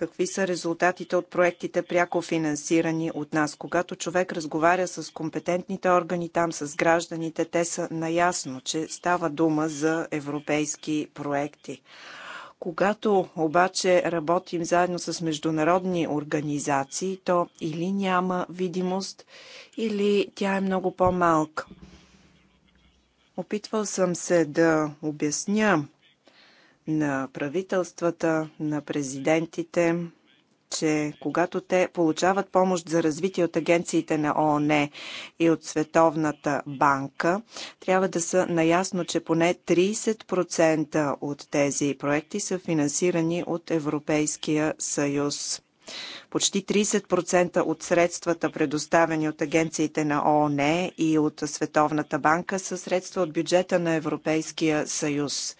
Какви са резултатите от проектите пряко финансирани от нас? Когато човек разговаря с компетентните органи там, с гражданите, те са наясно, че става дума за европейски проекти. Когато обаче работим заедно с международни организации, то или няма видимост, или тя е много по-малка. Опитвал съм се да обясня на правителствата, на президентите, че когато те получават помощ за развитие от агенциите на ООН и от Световната банка, трябва да са наясно, че поне 30% от тези проекти са финансирани от Европейския съюз. Почти 30% от средствата, предоставени от агенциите на ООН и от Световната банка, са средства от бюджета на Европейския съюз.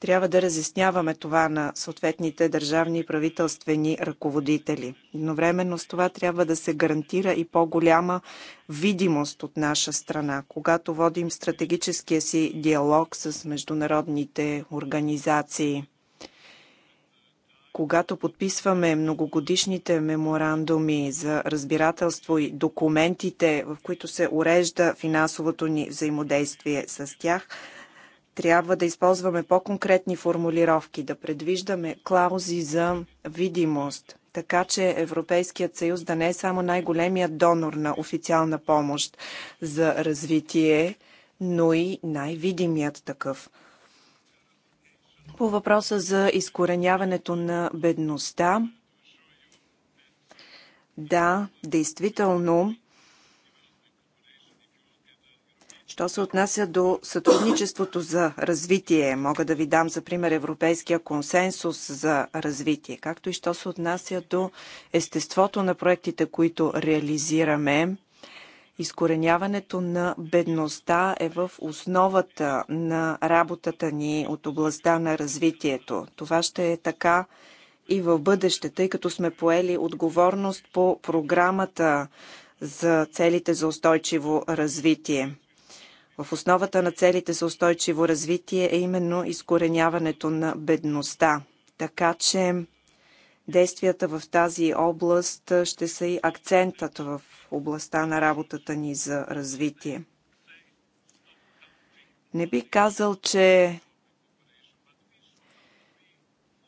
Трябва да разясняваме това на съответните държавни и правителствени ръководители. Едновременно с това трябва да се гарантира и по-голяма видимост от наша страна, когато водим стратегическия си диалог с международните организации когато подписваме многогодишните меморандуми за разбирателство и документите, в които се урежда финансовото ни взаимодействие с тях, трябва да използваме по-конкретни формулировки, да предвиждаме клаузи за видимост, така че Европейският съюз да не е само най-големият донор на официална помощ за развитие, но и най-видимият такъв. По въпроса за изкореняването на бедността, да, действително, Що се отнася до сътрудничеството за развитие, мога да ви дам за пример Европейския консенсус за развитие, както и що се отнася до естеството на проектите, които реализираме. Изкореняването на бедността е в основата на работата ни от областта на развитието. Това ще е така и в бъдеще, тъй като сме поели отговорност по програмата за целите за устойчиво развитие. В основата на целите за устойчиво развитие е именно изкореняването на бедността. Така че действията в тази област ще са и акцентът в областта на работата ни за развитие. Не би казал, че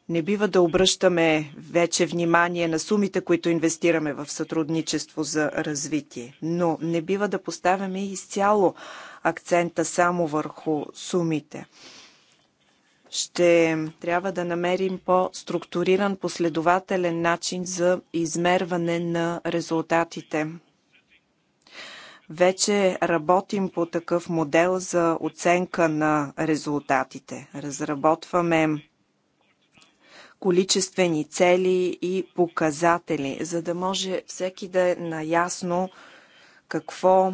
не бива да обръщаме вече внимание на сумите, които инвестираме в сътрудничество за развитие, но не бива да поставяме изцяло акцента само върху сумите. Ще трябва да намерим по-структуриран, последователен начин за измерване на резултатите. Вече работим по такъв модел за оценка на резултатите. Разработваме количествени цели и показатели, за да може всеки да е наясно какво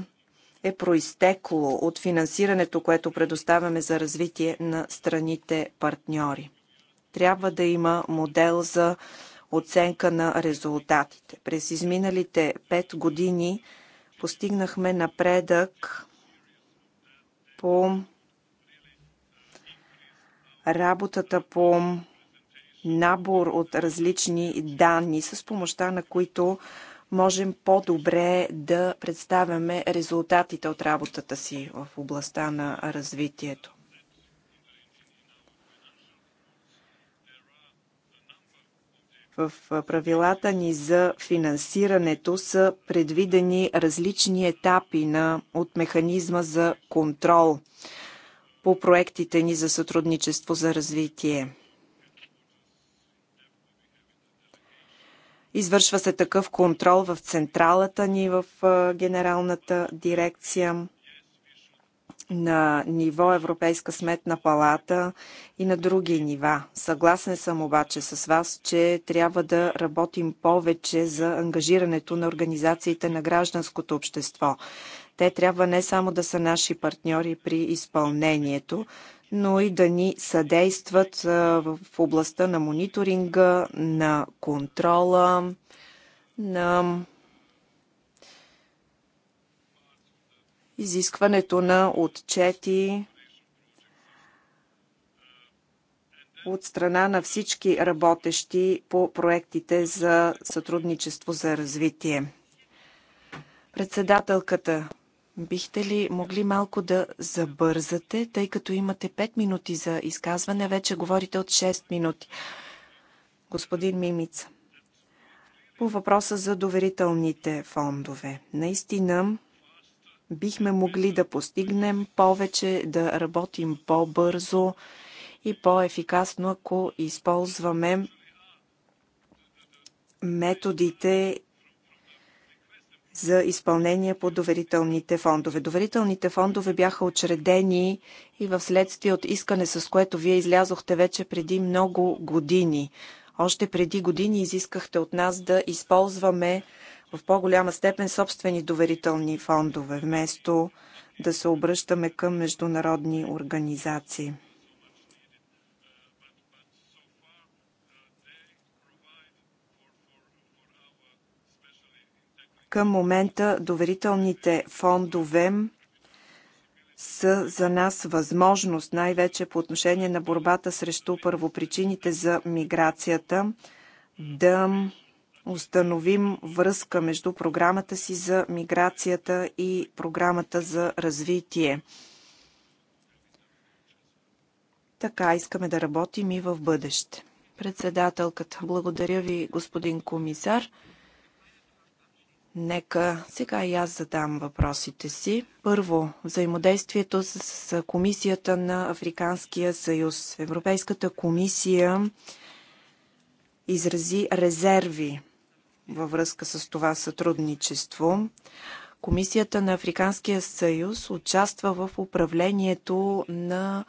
е произтекло от финансирането, което предоставяме за развитие на страните партньори. Трябва да има модел за оценка на резултатите. През изминалите пет години постигнахме напредък по работата по набор от различни данни, с помощта на които можем по-добре да представяме резултатите от работата си в областта на развитието. в правилата ни за финансирането са предвидени различни етапи на, от механизма за контрол по проектите ни за сътрудничество за развитие. Извършва се такъв контрол в централата ни, в генералната дирекция на ниво Европейска сметна палата и на други нива. Съгласен съм обаче с вас, че трябва да работим повече за ангажирането на организациите на гражданското общество. Те трябва не само да са наши партньори при изпълнението, но и да ни съдействат в областта на мониторинга, на контрола, на изискването на отчети от страна на всички работещи по проектите за сътрудничество за развитие. Председателката Бихте ли могли малко да забързате, тъй като имате 5 минути за изказване, вече говорите от 6 минути. Господин Мимица, по въпроса за доверителните фондове. Наистина бихме могли да постигнем повече, да работим по-бързо и по-ефикасно, ако използваме методите за изпълнение по доверителните фондове. Доверителните фондове бяха учредени и в следствие от искане, с което вие излязохте вече преди много години. Още преди години изискахте от нас да използваме в по-голяма степен собствени доверителни фондове, вместо да се обръщаме към международни организации. Към момента доверителните фондове са за нас възможност, най-вече по отношение на борбата срещу първопричините за миграцията, да установим връзка между програмата си за миграцията и програмата за развитие. Така искаме да работим и в бъдеще. Председателката, благодаря ви, господин комисар. Нека сега и аз задам въпросите си. Първо, взаимодействието с Комисията на Африканския съюз. Европейската комисия изрази резерви във връзка с това сътрудничество. Комисията на Африканския съюз участва в управлението на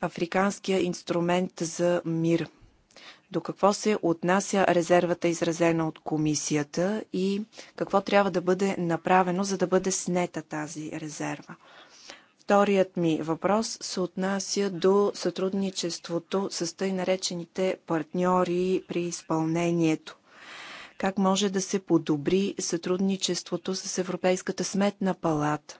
Африканския инструмент за мир до какво се отнася резервата, изразена от комисията и какво трябва да бъде направено, за да бъде снета тази резерва. Вторият ми въпрос се отнася до сътрудничеството с тъй наречените партньори при изпълнението. Как може да се подобри сътрудничеството с Европейската сметна палата?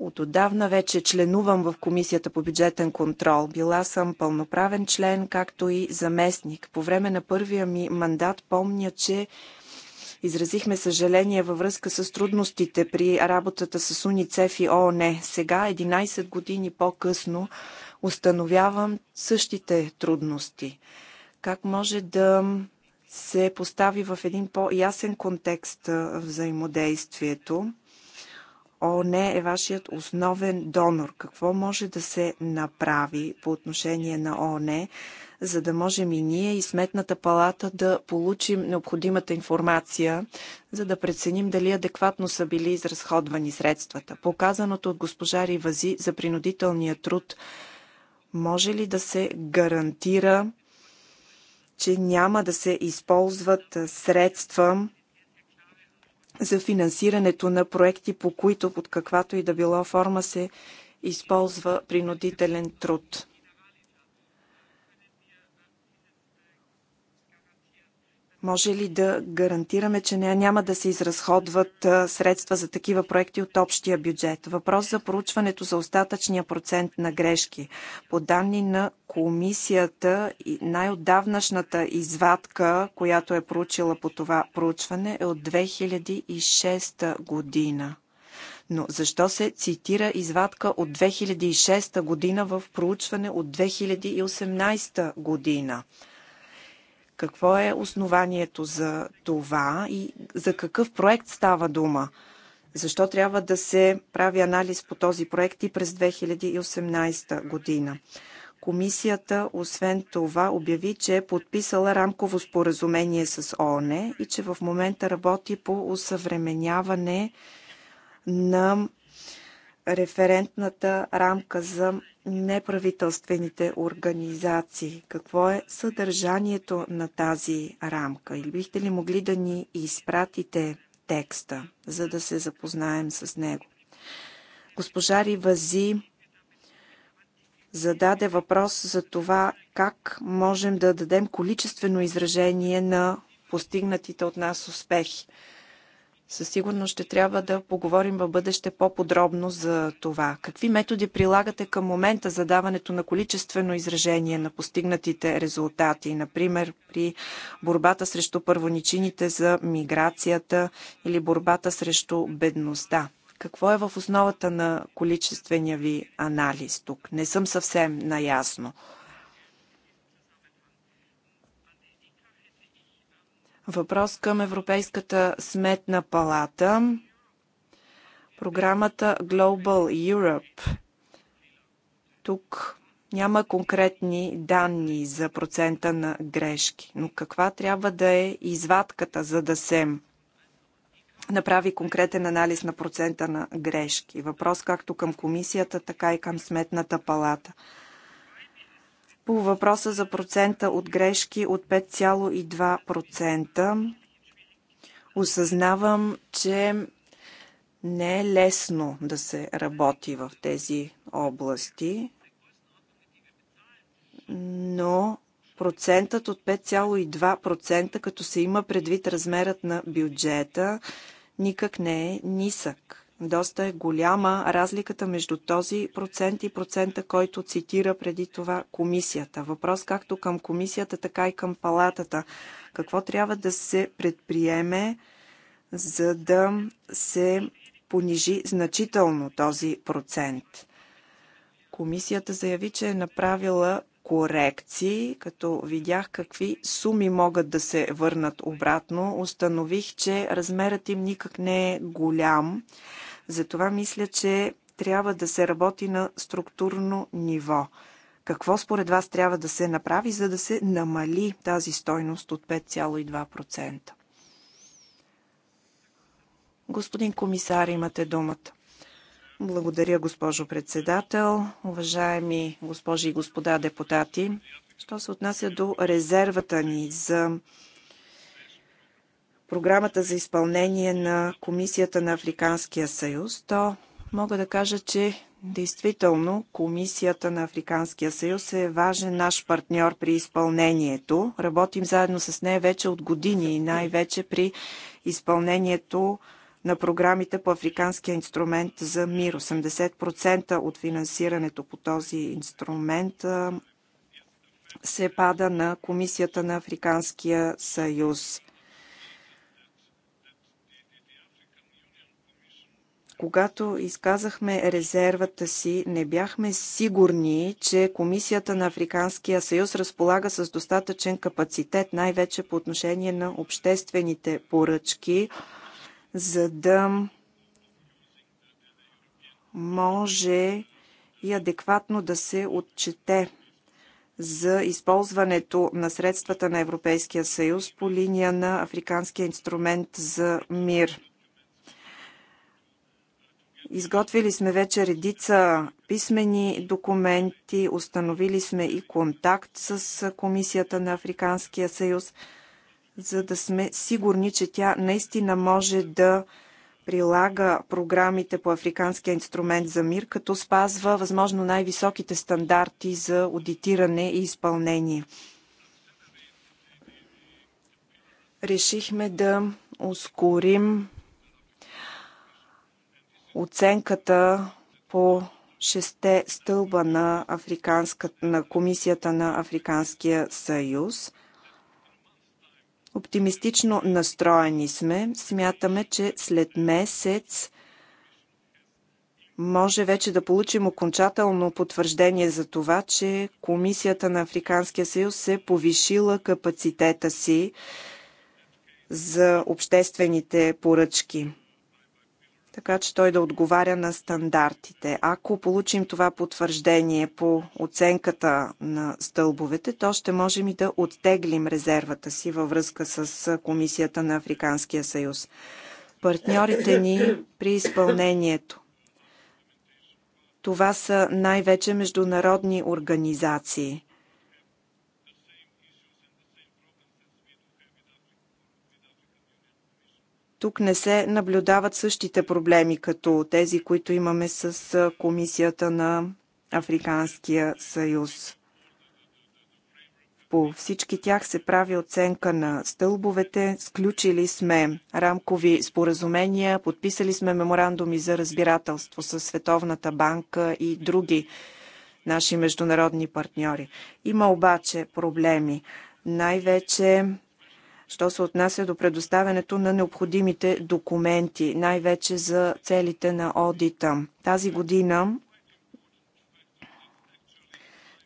От отдавна вече членувам в Комисията по бюджетен контрол. Била съм пълноправен член, както и заместник. По време на първия ми мандат помня, че изразихме съжаление във връзка с трудностите при работата с УНИЦЕФ и ООН. Сега, 11 години по-късно, установявам същите трудности. Как може да се постави в един по-ясен контекст взаимодействието? ООН е вашият основен донор. Какво може да се направи по отношение на ООН, за да можем и ние и Сметната палата да получим необходимата информация, за да преценим дали адекватно са били изразходвани средствата. Показаното от госпожа Ривази за принудителния труд може ли да се гарантира, че няма да се използват средства за финансирането на проекти, по които под каквато и да било форма се използва принудителен труд. Може ли да гарантираме, че не, няма да се изразходват средства за такива проекти от общия бюджет? Въпрос за проучването за остатъчния процент на грешки. По данни на комисията, най-отдавнашната извадка, която е проучила по това проучване, е от 2006 година. Но защо се цитира извадка от 2006 година в проучване от 2018 година? Какво е основанието за това и за какъв проект става дума? Защо трябва да се прави анализ по този проект и през 2018 година? Комисията, освен това, обяви, че е подписала рамково споразумение с ООН и че в момента работи по усъвременяване на референтната рамка за неправителствените организации. Какво е съдържанието на тази рамка? Или бихте ли могли да ни изпратите текста, за да се запознаем с него? Госпожа Ривази зададе въпрос за това как можем да дадем количествено изражение на постигнатите от нас успехи. Със сигурност ще трябва да поговорим в бъдеще по-подробно за това. Какви методи прилагате към момента за даването на количествено изражение на постигнатите резултати, например при борбата срещу първоничините за миграцията или борбата срещу бедността? Какво е в основата на количествения ви анализ тук? Не съм съвсем наясно. Въпрос към Европейската сметна палата. Програмата Global Europe. Тук няма конкретни данни за процента на грешки, но каква трябва да е извадката, за да се направи конкретен анализ на процента на грешки? Въпрос както към комисията, така и към сметната палата. По въпроса за процента от грешки от 5,2%, осъзнавам, че не е лесно да се работи в тези области, но процентът от 5,2%, като се има предвид размерът на бюджета, никак не е нисък. Доста е голяма разликата между този процент и процента, който цитира преди това комисията. Въпрос както към комисията, така и към палатата. Какво трябва да се предприеме, за да се понижи значително този процент? Комисията заяви, че е направила корекции, като видях какви суми могат да се върнат обратно, установих, че размерът им никак не е голям. Затова мисля, че трябва да се работи на структурно ниво. Какво според вас трябва да се направи, за да се намали тази стойност от 5,2%? Господин комисар, имате думата. Благодаря, госпожо председател, уважаеми госпожи и господа депутати. Що се отнася до резервата ни за програмата за изпълнение на Комисията на Африканския съюз, то мога да кажа, че действително Комисията на Африканския съюз е важен наш партньор при изпълнението. Работим заедно с нея вече от години и най-вече при изпълнението на програмите по Африканския инструмент за мир. 80% от финансирането по този инструмент се пада на Комисията на Африканския съюз. когато изказахме резервата си, не бяхме сигурни, че Комисията на Африканския съюз разполага с достатъчен капацитет, най-вече по отношение на обществените поръчки, за да може и адекватно да се отчете за използването на средствата на Европейския съюз по линия на Африканския инструмент за мир. Изготвили сме вече редица писмени документи, установили сме и контакт с Комисията на Африканския съюз, за да сме сигурни, че тя наистина може да прилага програмите по Африканския инструмент за мир, като спазва възможно най-високите стандарти за аудитиране и изпълнение. Решихме да ускорим оценката по шесте стълба на, на Комисията на Африканския съюз. Оптимистично настроени сме. Смятаме, че след месец може вече да получим окончателно потвърждение за това, че Комисията на Африканския съюз се повишила капацитета си за обществените поръчки така че той да отговаря на стандартите. Ако получим това потвърждение по оценката на стълбовете, то ще можем и да оттеглим резервата си във връзка с Комисията на Африканския съюз. Партньорите ни при изпълнението. Това са най-вече международни организации. тук не се наблюдават същите проблеми, като тези, които имаме с Комисията на Африканския съюз. По всички тях се прави оценка на стълбовете. Сключили сме рамкови споразумения, подписали сме меморандуми за разбирателство с Световната банка и други наши международни партньори. Има обаче проблеми. Най-вече що се отнася до предоставянето на необходимите документи, най-вече за целите на одита. Тази година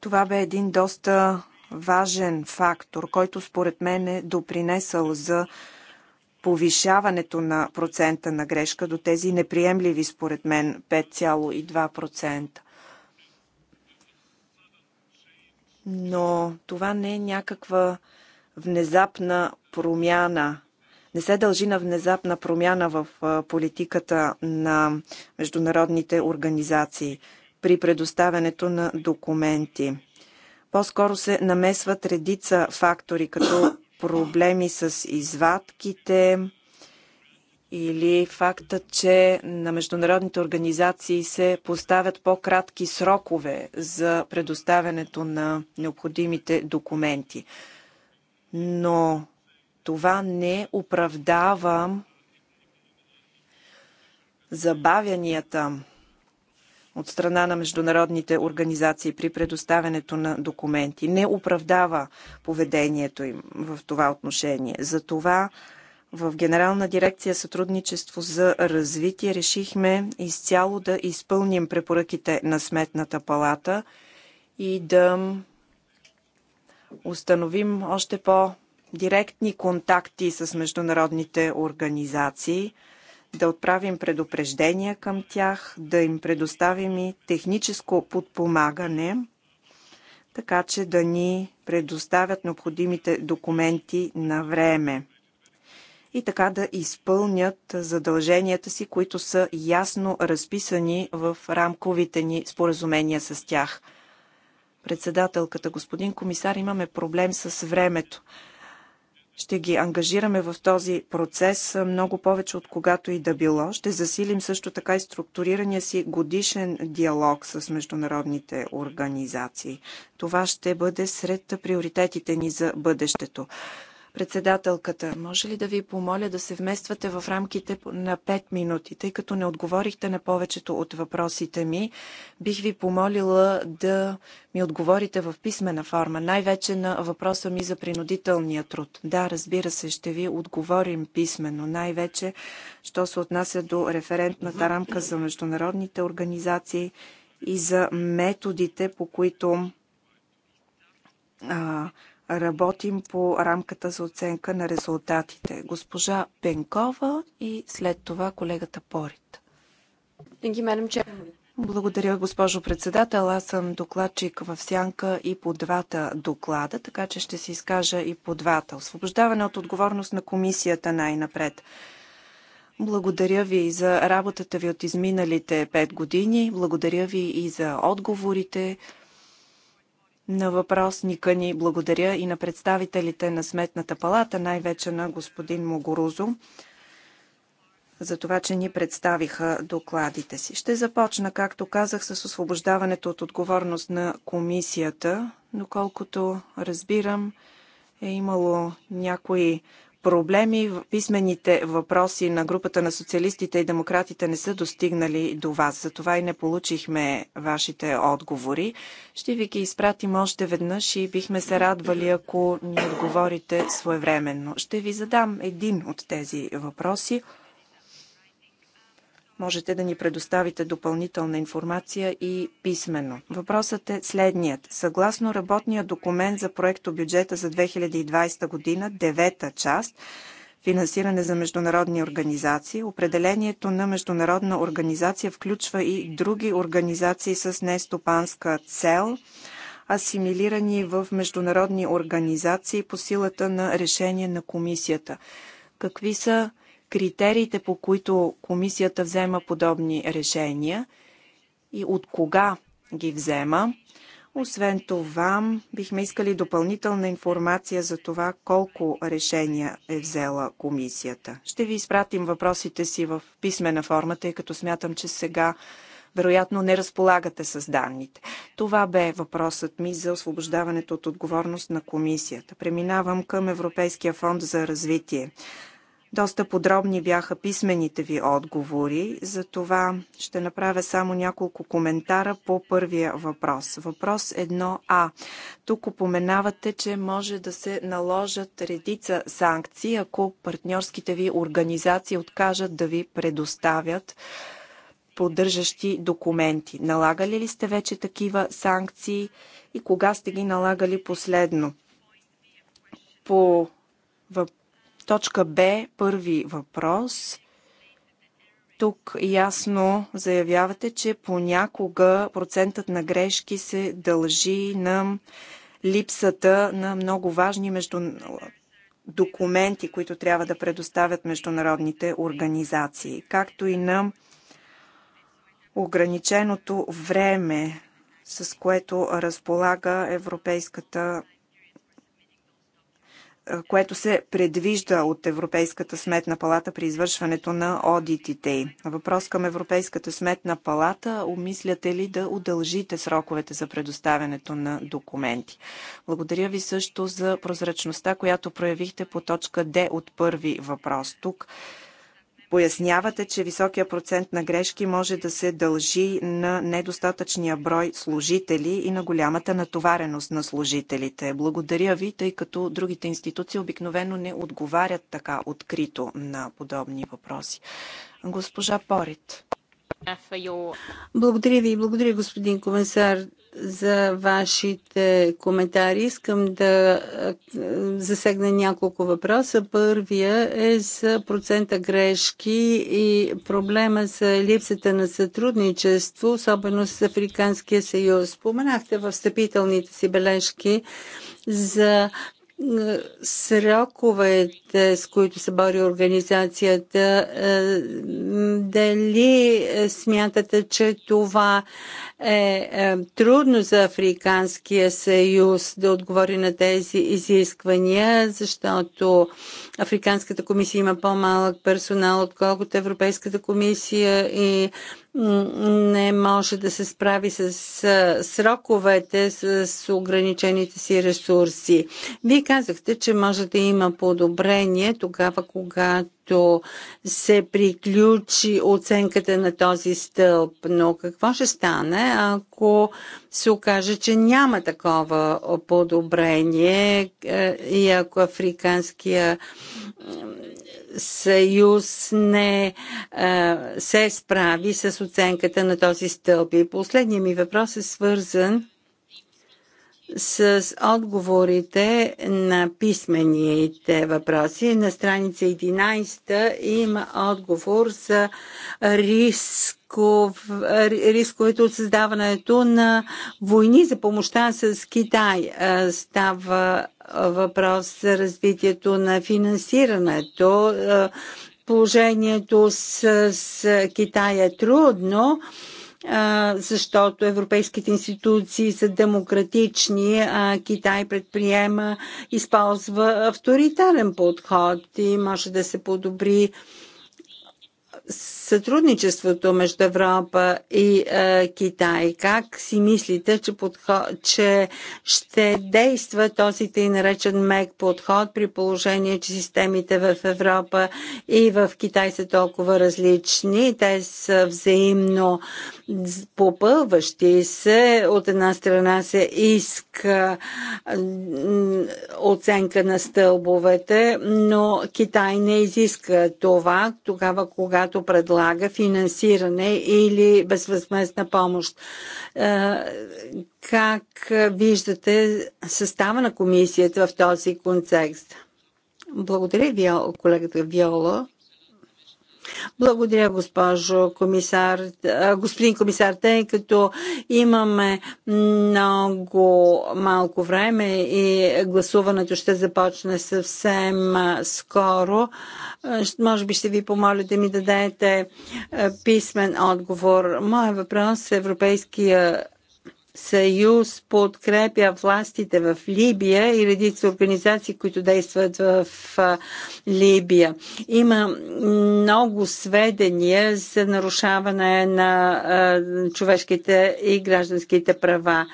това бе един доста важен фактор, който според мен е допринесъл за повишаването на процента на грешка до тези неприемливи според мен 5,2%. Но това не е някаква внезапна промяна. Не се дължи на внезапна промяна в политиката на международните организации при предоставянето на документи. По-скоро се намесват редица фактори, като проблеми с извадките, или факта, че на международните организации се поставят по-кратки срокове за предоставянето на необходимите документи но това не оправдава забавянията от страна на международните организации при предоставянето на документи. Не оправдава поведението им в това отношение. Затова в Генерална дирекция сътрудничество за развитие решихме изцяло да изпълним препоръките на Сметната палата и да установим още по-директни контакти с международните организации, да отправим предупреждения към тях, да им предоставим и техническо подпомагане, така че да ни предоставят необходимите документи на време и така да изпълнят задълженията си, които са ясно разписани в рамковите ни споразумения с тях. Председателката, господин комисар, имаме проблем с времето. Ще ги ангажираме в този процес много повече от когато и да било. Ще засилим също така и структурирания си годишен диалог с международните организации. Това ще бъде сред приоритетите ни за бъдещето. Председателката, може ли да ви помоля да се вмествате в рамките на 5 минути, тъй като не отговорихте на повечето от въпросите ми? Бих ви помолила да ми отговорите в писмена форма, най-вече на въпроса ми за принудителния труд. Да, разбира се, ще ви отговорим писменно, най-вече, що се отнася до референтната рамка за международните организации и за методите, по които а, работим по рамката за оценка на резултатите. Госпожа Пенкова и след това колегата Порит. Благодаря, госпожо председател. Аз съм докладчик в сянка и по двата доклада, така че ще се изкажа и по двата. Освобождаване от отговорност на комисията най-напред. Благодаря ви за работата ви от изминалите пет години. Благодаря ви и за отговорите, на въпросника ни. Благодаря и на представителите на Сметната палата, най-вече на господин Могорузо, за това, че ни представиха докладите си. Ще започна, както казах, с освобождаването от отговорност на комисията, но колкото разбирам, е имало някои проблеми, писмените въпроси на групата на социалистите и демократите не са достигнали до вас. Затова и не получихме вашите отговори. Ще ви ги изпратим още веднъж и бихме се радвали, ако ни отговорите своевременно. Ще ви задам един от тези въпроси можете да ни предоставите допълнителна информация и писменно. Въпросът е следният. Съгласно работния документ за проекто бюджета за 2020 година, девета част, финансиране за международни организации. Определението на международна организация включва и други организации с нестопанска цел, асимилирани в международни организации по силата на решение на комисията. Какви са критериите, по които комисията взема подобни решения и от кога ги взема. Освен това, бихме искали допълнителна информация за това колко решения е взела комисията. Ще ви изпратим въпросите си в писмена форма, тъй като смятам, че сега вероятно не разполагате с данните. Това бе въпросът ми за освобождаването от отговорност на комисията. Преминавам към Европейския фонд за развитие. Доста подробни бяха писмените ви отговори, За това ще направя само няколко коментара по първия въпрос. Въпрос 1А. Тук упоменавате, че може да се наложат редица санкции, ако партньорските ви организации откажат да ви предоставят поддържащи документи. Налагали ли сте вече такива санкции и кога сте ги налагали последно? По Точка Б, първи въпрос. Тук ясно заявявате, че понякога процентът на грешки се дължи на липсата на много важни между... документи, които трябва да предоставят международните организации, както и на ограниченото време, с което разполага Европейската е, което се предвижда от Европейската сметна палата при извършването на одитите. Въпрос към Европейската сметна палата. Умисляте ли да удължите сроковете за предоставянето на документи? Благодаря ви също за прозрачността, която проявихте по точка Д от първи въпрос. Тук Пояснявате, че високия процент на грешки може да се дължи на недостатъчния брой служители и на голямата натовареност на служителите. Благодаря ви, тъй като другите институции обикновено не отговарят така открито на подобни въпроси. Госпожа Порит. Благодаря ви и благодаря, господин комисар, за вашите коментари. Искам да засегна няколко въпроса. Първия е за процента грешки и проблема с липсата на сътрудничество, особено с Африканския съюз. Споменахте в встъпителните си бележки за сроковете, с които се бори организацията, е, дали е, смятате, че това е, е трудно за Африканския съюз да отговори на тези изисквания, защото Африканската комисия има по-малък персонал, отколкото Европейската комисия и не може да се справи с сроковете, с ограничените си ресурси. Вие казахте, че може да има подобрение тогава, когато когато се приключи оценката на този стълб. Но какво ще стане, ако се окаже, че няма такова подобрение е, и ако Африканския съюз не е, се справи с оценката на този стълб? И последният ми въпрос е свързан с отговорите на писмените въпроси. На страница 11 има отговор за рисков, рисковете от създаването на войни за помощта с Китай. Става въпрос за развитието на финансирането. Положението с, с Китай е трудно защото европейските институции са демократични, а Китай предприема, използва авторитарен подход и може да се подобри сътрудничеството между Европа и е, Китай? Как си мислите, че, подход, че ще действа този тъй наречен мек подход при положение, че системите в Европа и в Китай са толкова различни? Те са взаимно попълващи се. От една страна се иска оценка на стълбовете, но Китай не изиска това тогава, когато предлага предлага финансиране или безвъзмезна помощ. Е, как виждате състава на комисията в този контекст? Благодаря ви, колегата Виола. Благодаря, госпожо комисар, господин комисар, тъй като имаме много малко време и гласуването ще започне съвсем скоро. Може би ще ви помоля да ми дадете писмен отговор. Моя въпрос е Европейския съюз подкрепя властите в Либия и редица организации, които действат в Либия. Има много сведения за нарушаване на човешките и гражданските права.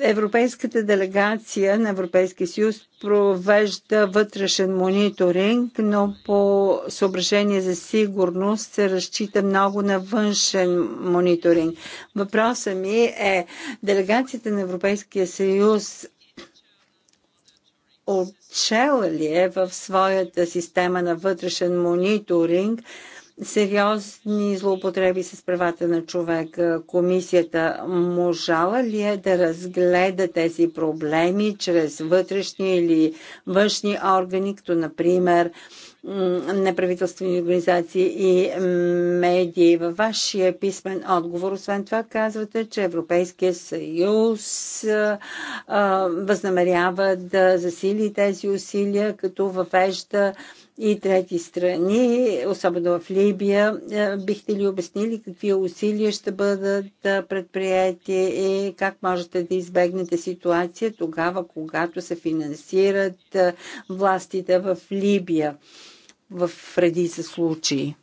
Европейската делегация на Европейския съюз провежда вътрешен мониторинг, но по съображение за сигурност се разчита много на външен мониторинг. Въпросът ми е, делегацията на Европейския съюз отчела ли е в своята система на вътрешен мониторинг сериозни злоупотреби с правата на човека. Комисията можала ли е да разгледа тези проблеми чрез вътрешни или външни органи, като например неправителствени организации и медии. Във вашия писмен отговор, освен това, казвате, че Европейския съюз възнамерява да засили тези усилия, като въвежда и трети страни, особено в Либия. Е, бихте ли обяснили какви усилия ще бъдат е, предприяти и как можете да избегнете ситуация тогава, когато се финансират е, властите в Либия в редица случаи?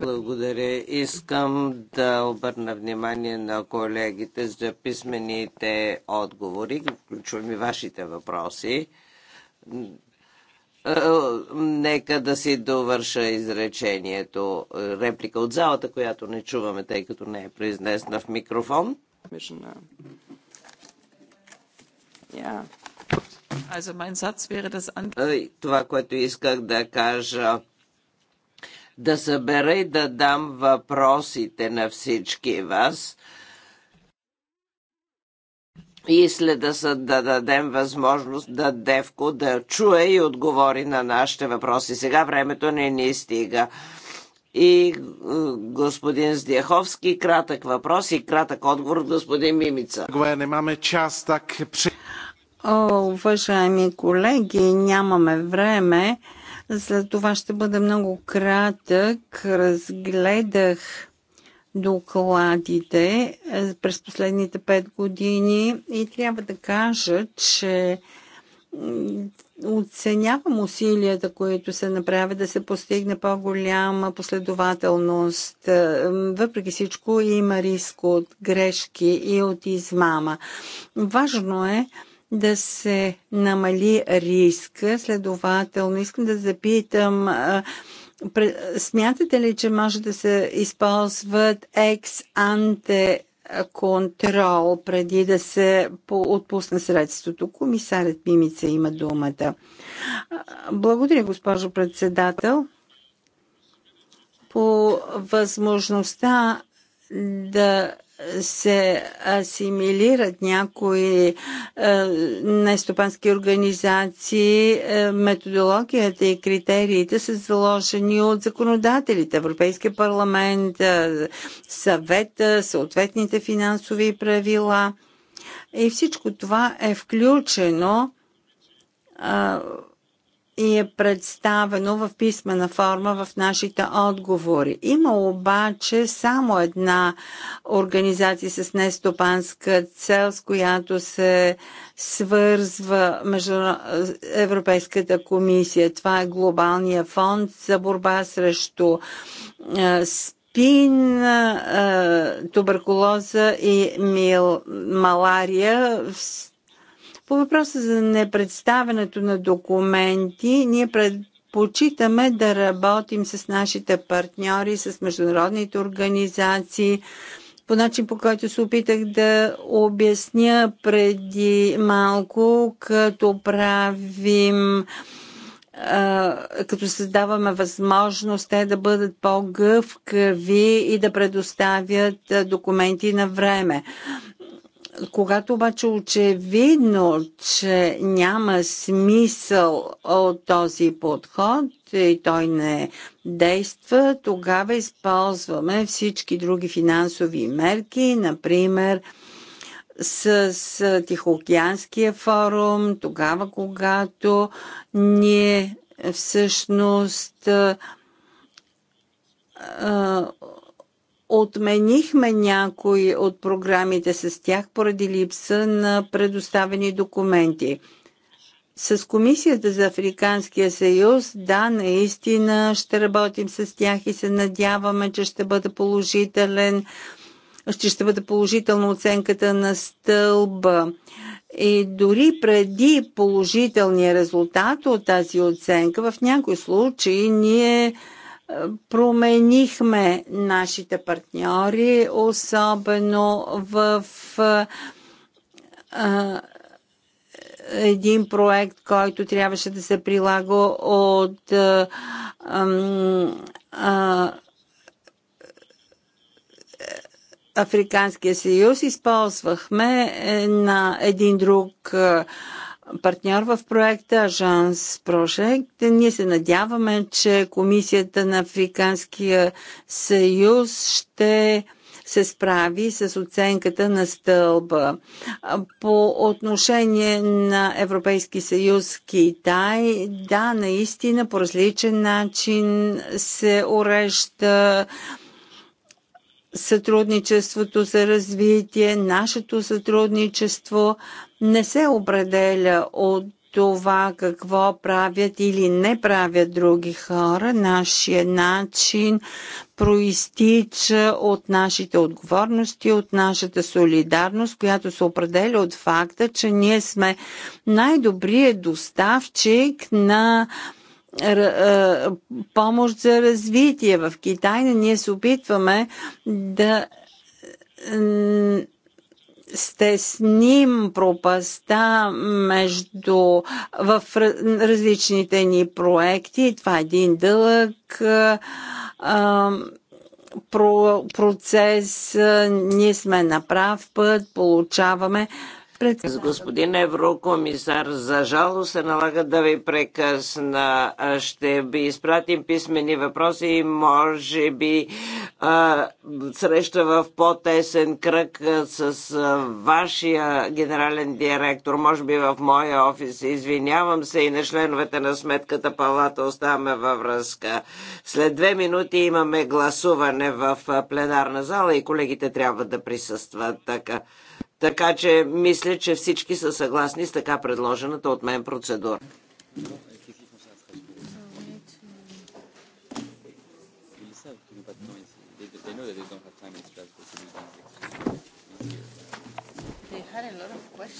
Благодаря. Искам да обърна внимание на колегите за писмените отговори, включвам и вашите въпроси. Е, е, нека да си довърша изречението. Реплика от залата, която не чуваме, тъй като не е произнесна в микрофон. Е, това, което исках да кажа да събера и да дам въпросите на всички вас и след да, са, да дадем възможност да Девко да чуе и отговори на нашите въпроси. Сега времето не ни стига. И е, господин Здяховски, кратък въпрос и кратък отговор господин Мимица. Нямаме час, так... О, уважаеми колеги, нямаме време. След това ще бъда много кратък. Разгледах докладите е, през последните пет години и трябва да кажа, че оценявам усилията, които се направят да се постигне по-голяма последователност. Е, въпреки всичко има риск от грешки и от измама. Важно е да се намали риска. Следователно, искам да запитам, смятате ли, че може да се използват екс-анте контрол преди да се отпусне средството. Комисарят Мимица има думата. Благодаря, госпожо председател, по възможността да се асимилират някои е, нестопански организации, е, методологията и критериите са заложени от законодателите, Европейския парламент, е, съвета, съответните финансови правила. И всичко това е включено е, и е представено в писмена форма в нашите отговори. Има обаче само една организация с нестопанска цел, с която се свързва между Европейската комисия. Това е Глобалния фонд за борба срещу е, спин, е, туберкулоза и мил, малария. По въпроса за непредставянето на документи, ние предпочитаме да работим с нашите партньори, с международните организации, по начин по който се опитах да обясня преди малко, като правим като създаваме възможност те да бъдат по-гъвкави и да предоставят документи на време. Когато обаче очевидно, че няма смисъл от този подход и той не действа, тогава използваме всички други финансови мерки, например с, с Тихоокеанския форум, тогава когато ние всъщност отменихме някои от програмите с тях поради липса на предоставени документи. С Комисията за Африканския съюз, да, наистина ще работим с тях и се надяваме, че ще бъде положителен, ще, ще бъде положителна оценката на стълба. И дори преди положителния резултат от тази оценка, в някои случаи ние променихме нашите партньори, особено в а, един проект, който трябваше да се прилага от а, а, Африканския съюз. Използвахме е, на един друг партньор в проекта Ажанс Прошект. Ние се надяваме, че Комисията на Африканския съюз ще се справи с оценката на стълба. По отношение на Европейски съюз Китай, да, наистина по различен начин се урежда сътрудничеството за развитие, нашето сътрудничество не се определя от това какво правят или не правят други хора. Нашия начин проистича от нашите отговорности, от нашата солидарност, която се определя от факта, че ние сме най-добрият доставчик на е, е, помощ за развитие. В Китай ние се опитваме да стесним пропаста между в различните ни проекти. Това е един дълъг процес. Ние сме на прав път, получаваме Господин еврокомисар, за жало се налага да ви прекъсна. Ще ви изпратим писмени въпроси и може би а, среща в по-тесен кръг с а, вашия генерален директор, може би в моя офис. Извинявам се и на членовете на Сметката палата оставаме във връзка. След две минути имаме гласуване в пленарна зала и колегите трябва да присъстват така. Така че мисля, че всички са съгласни с така предложената от мен процедура. They had a lot of questions.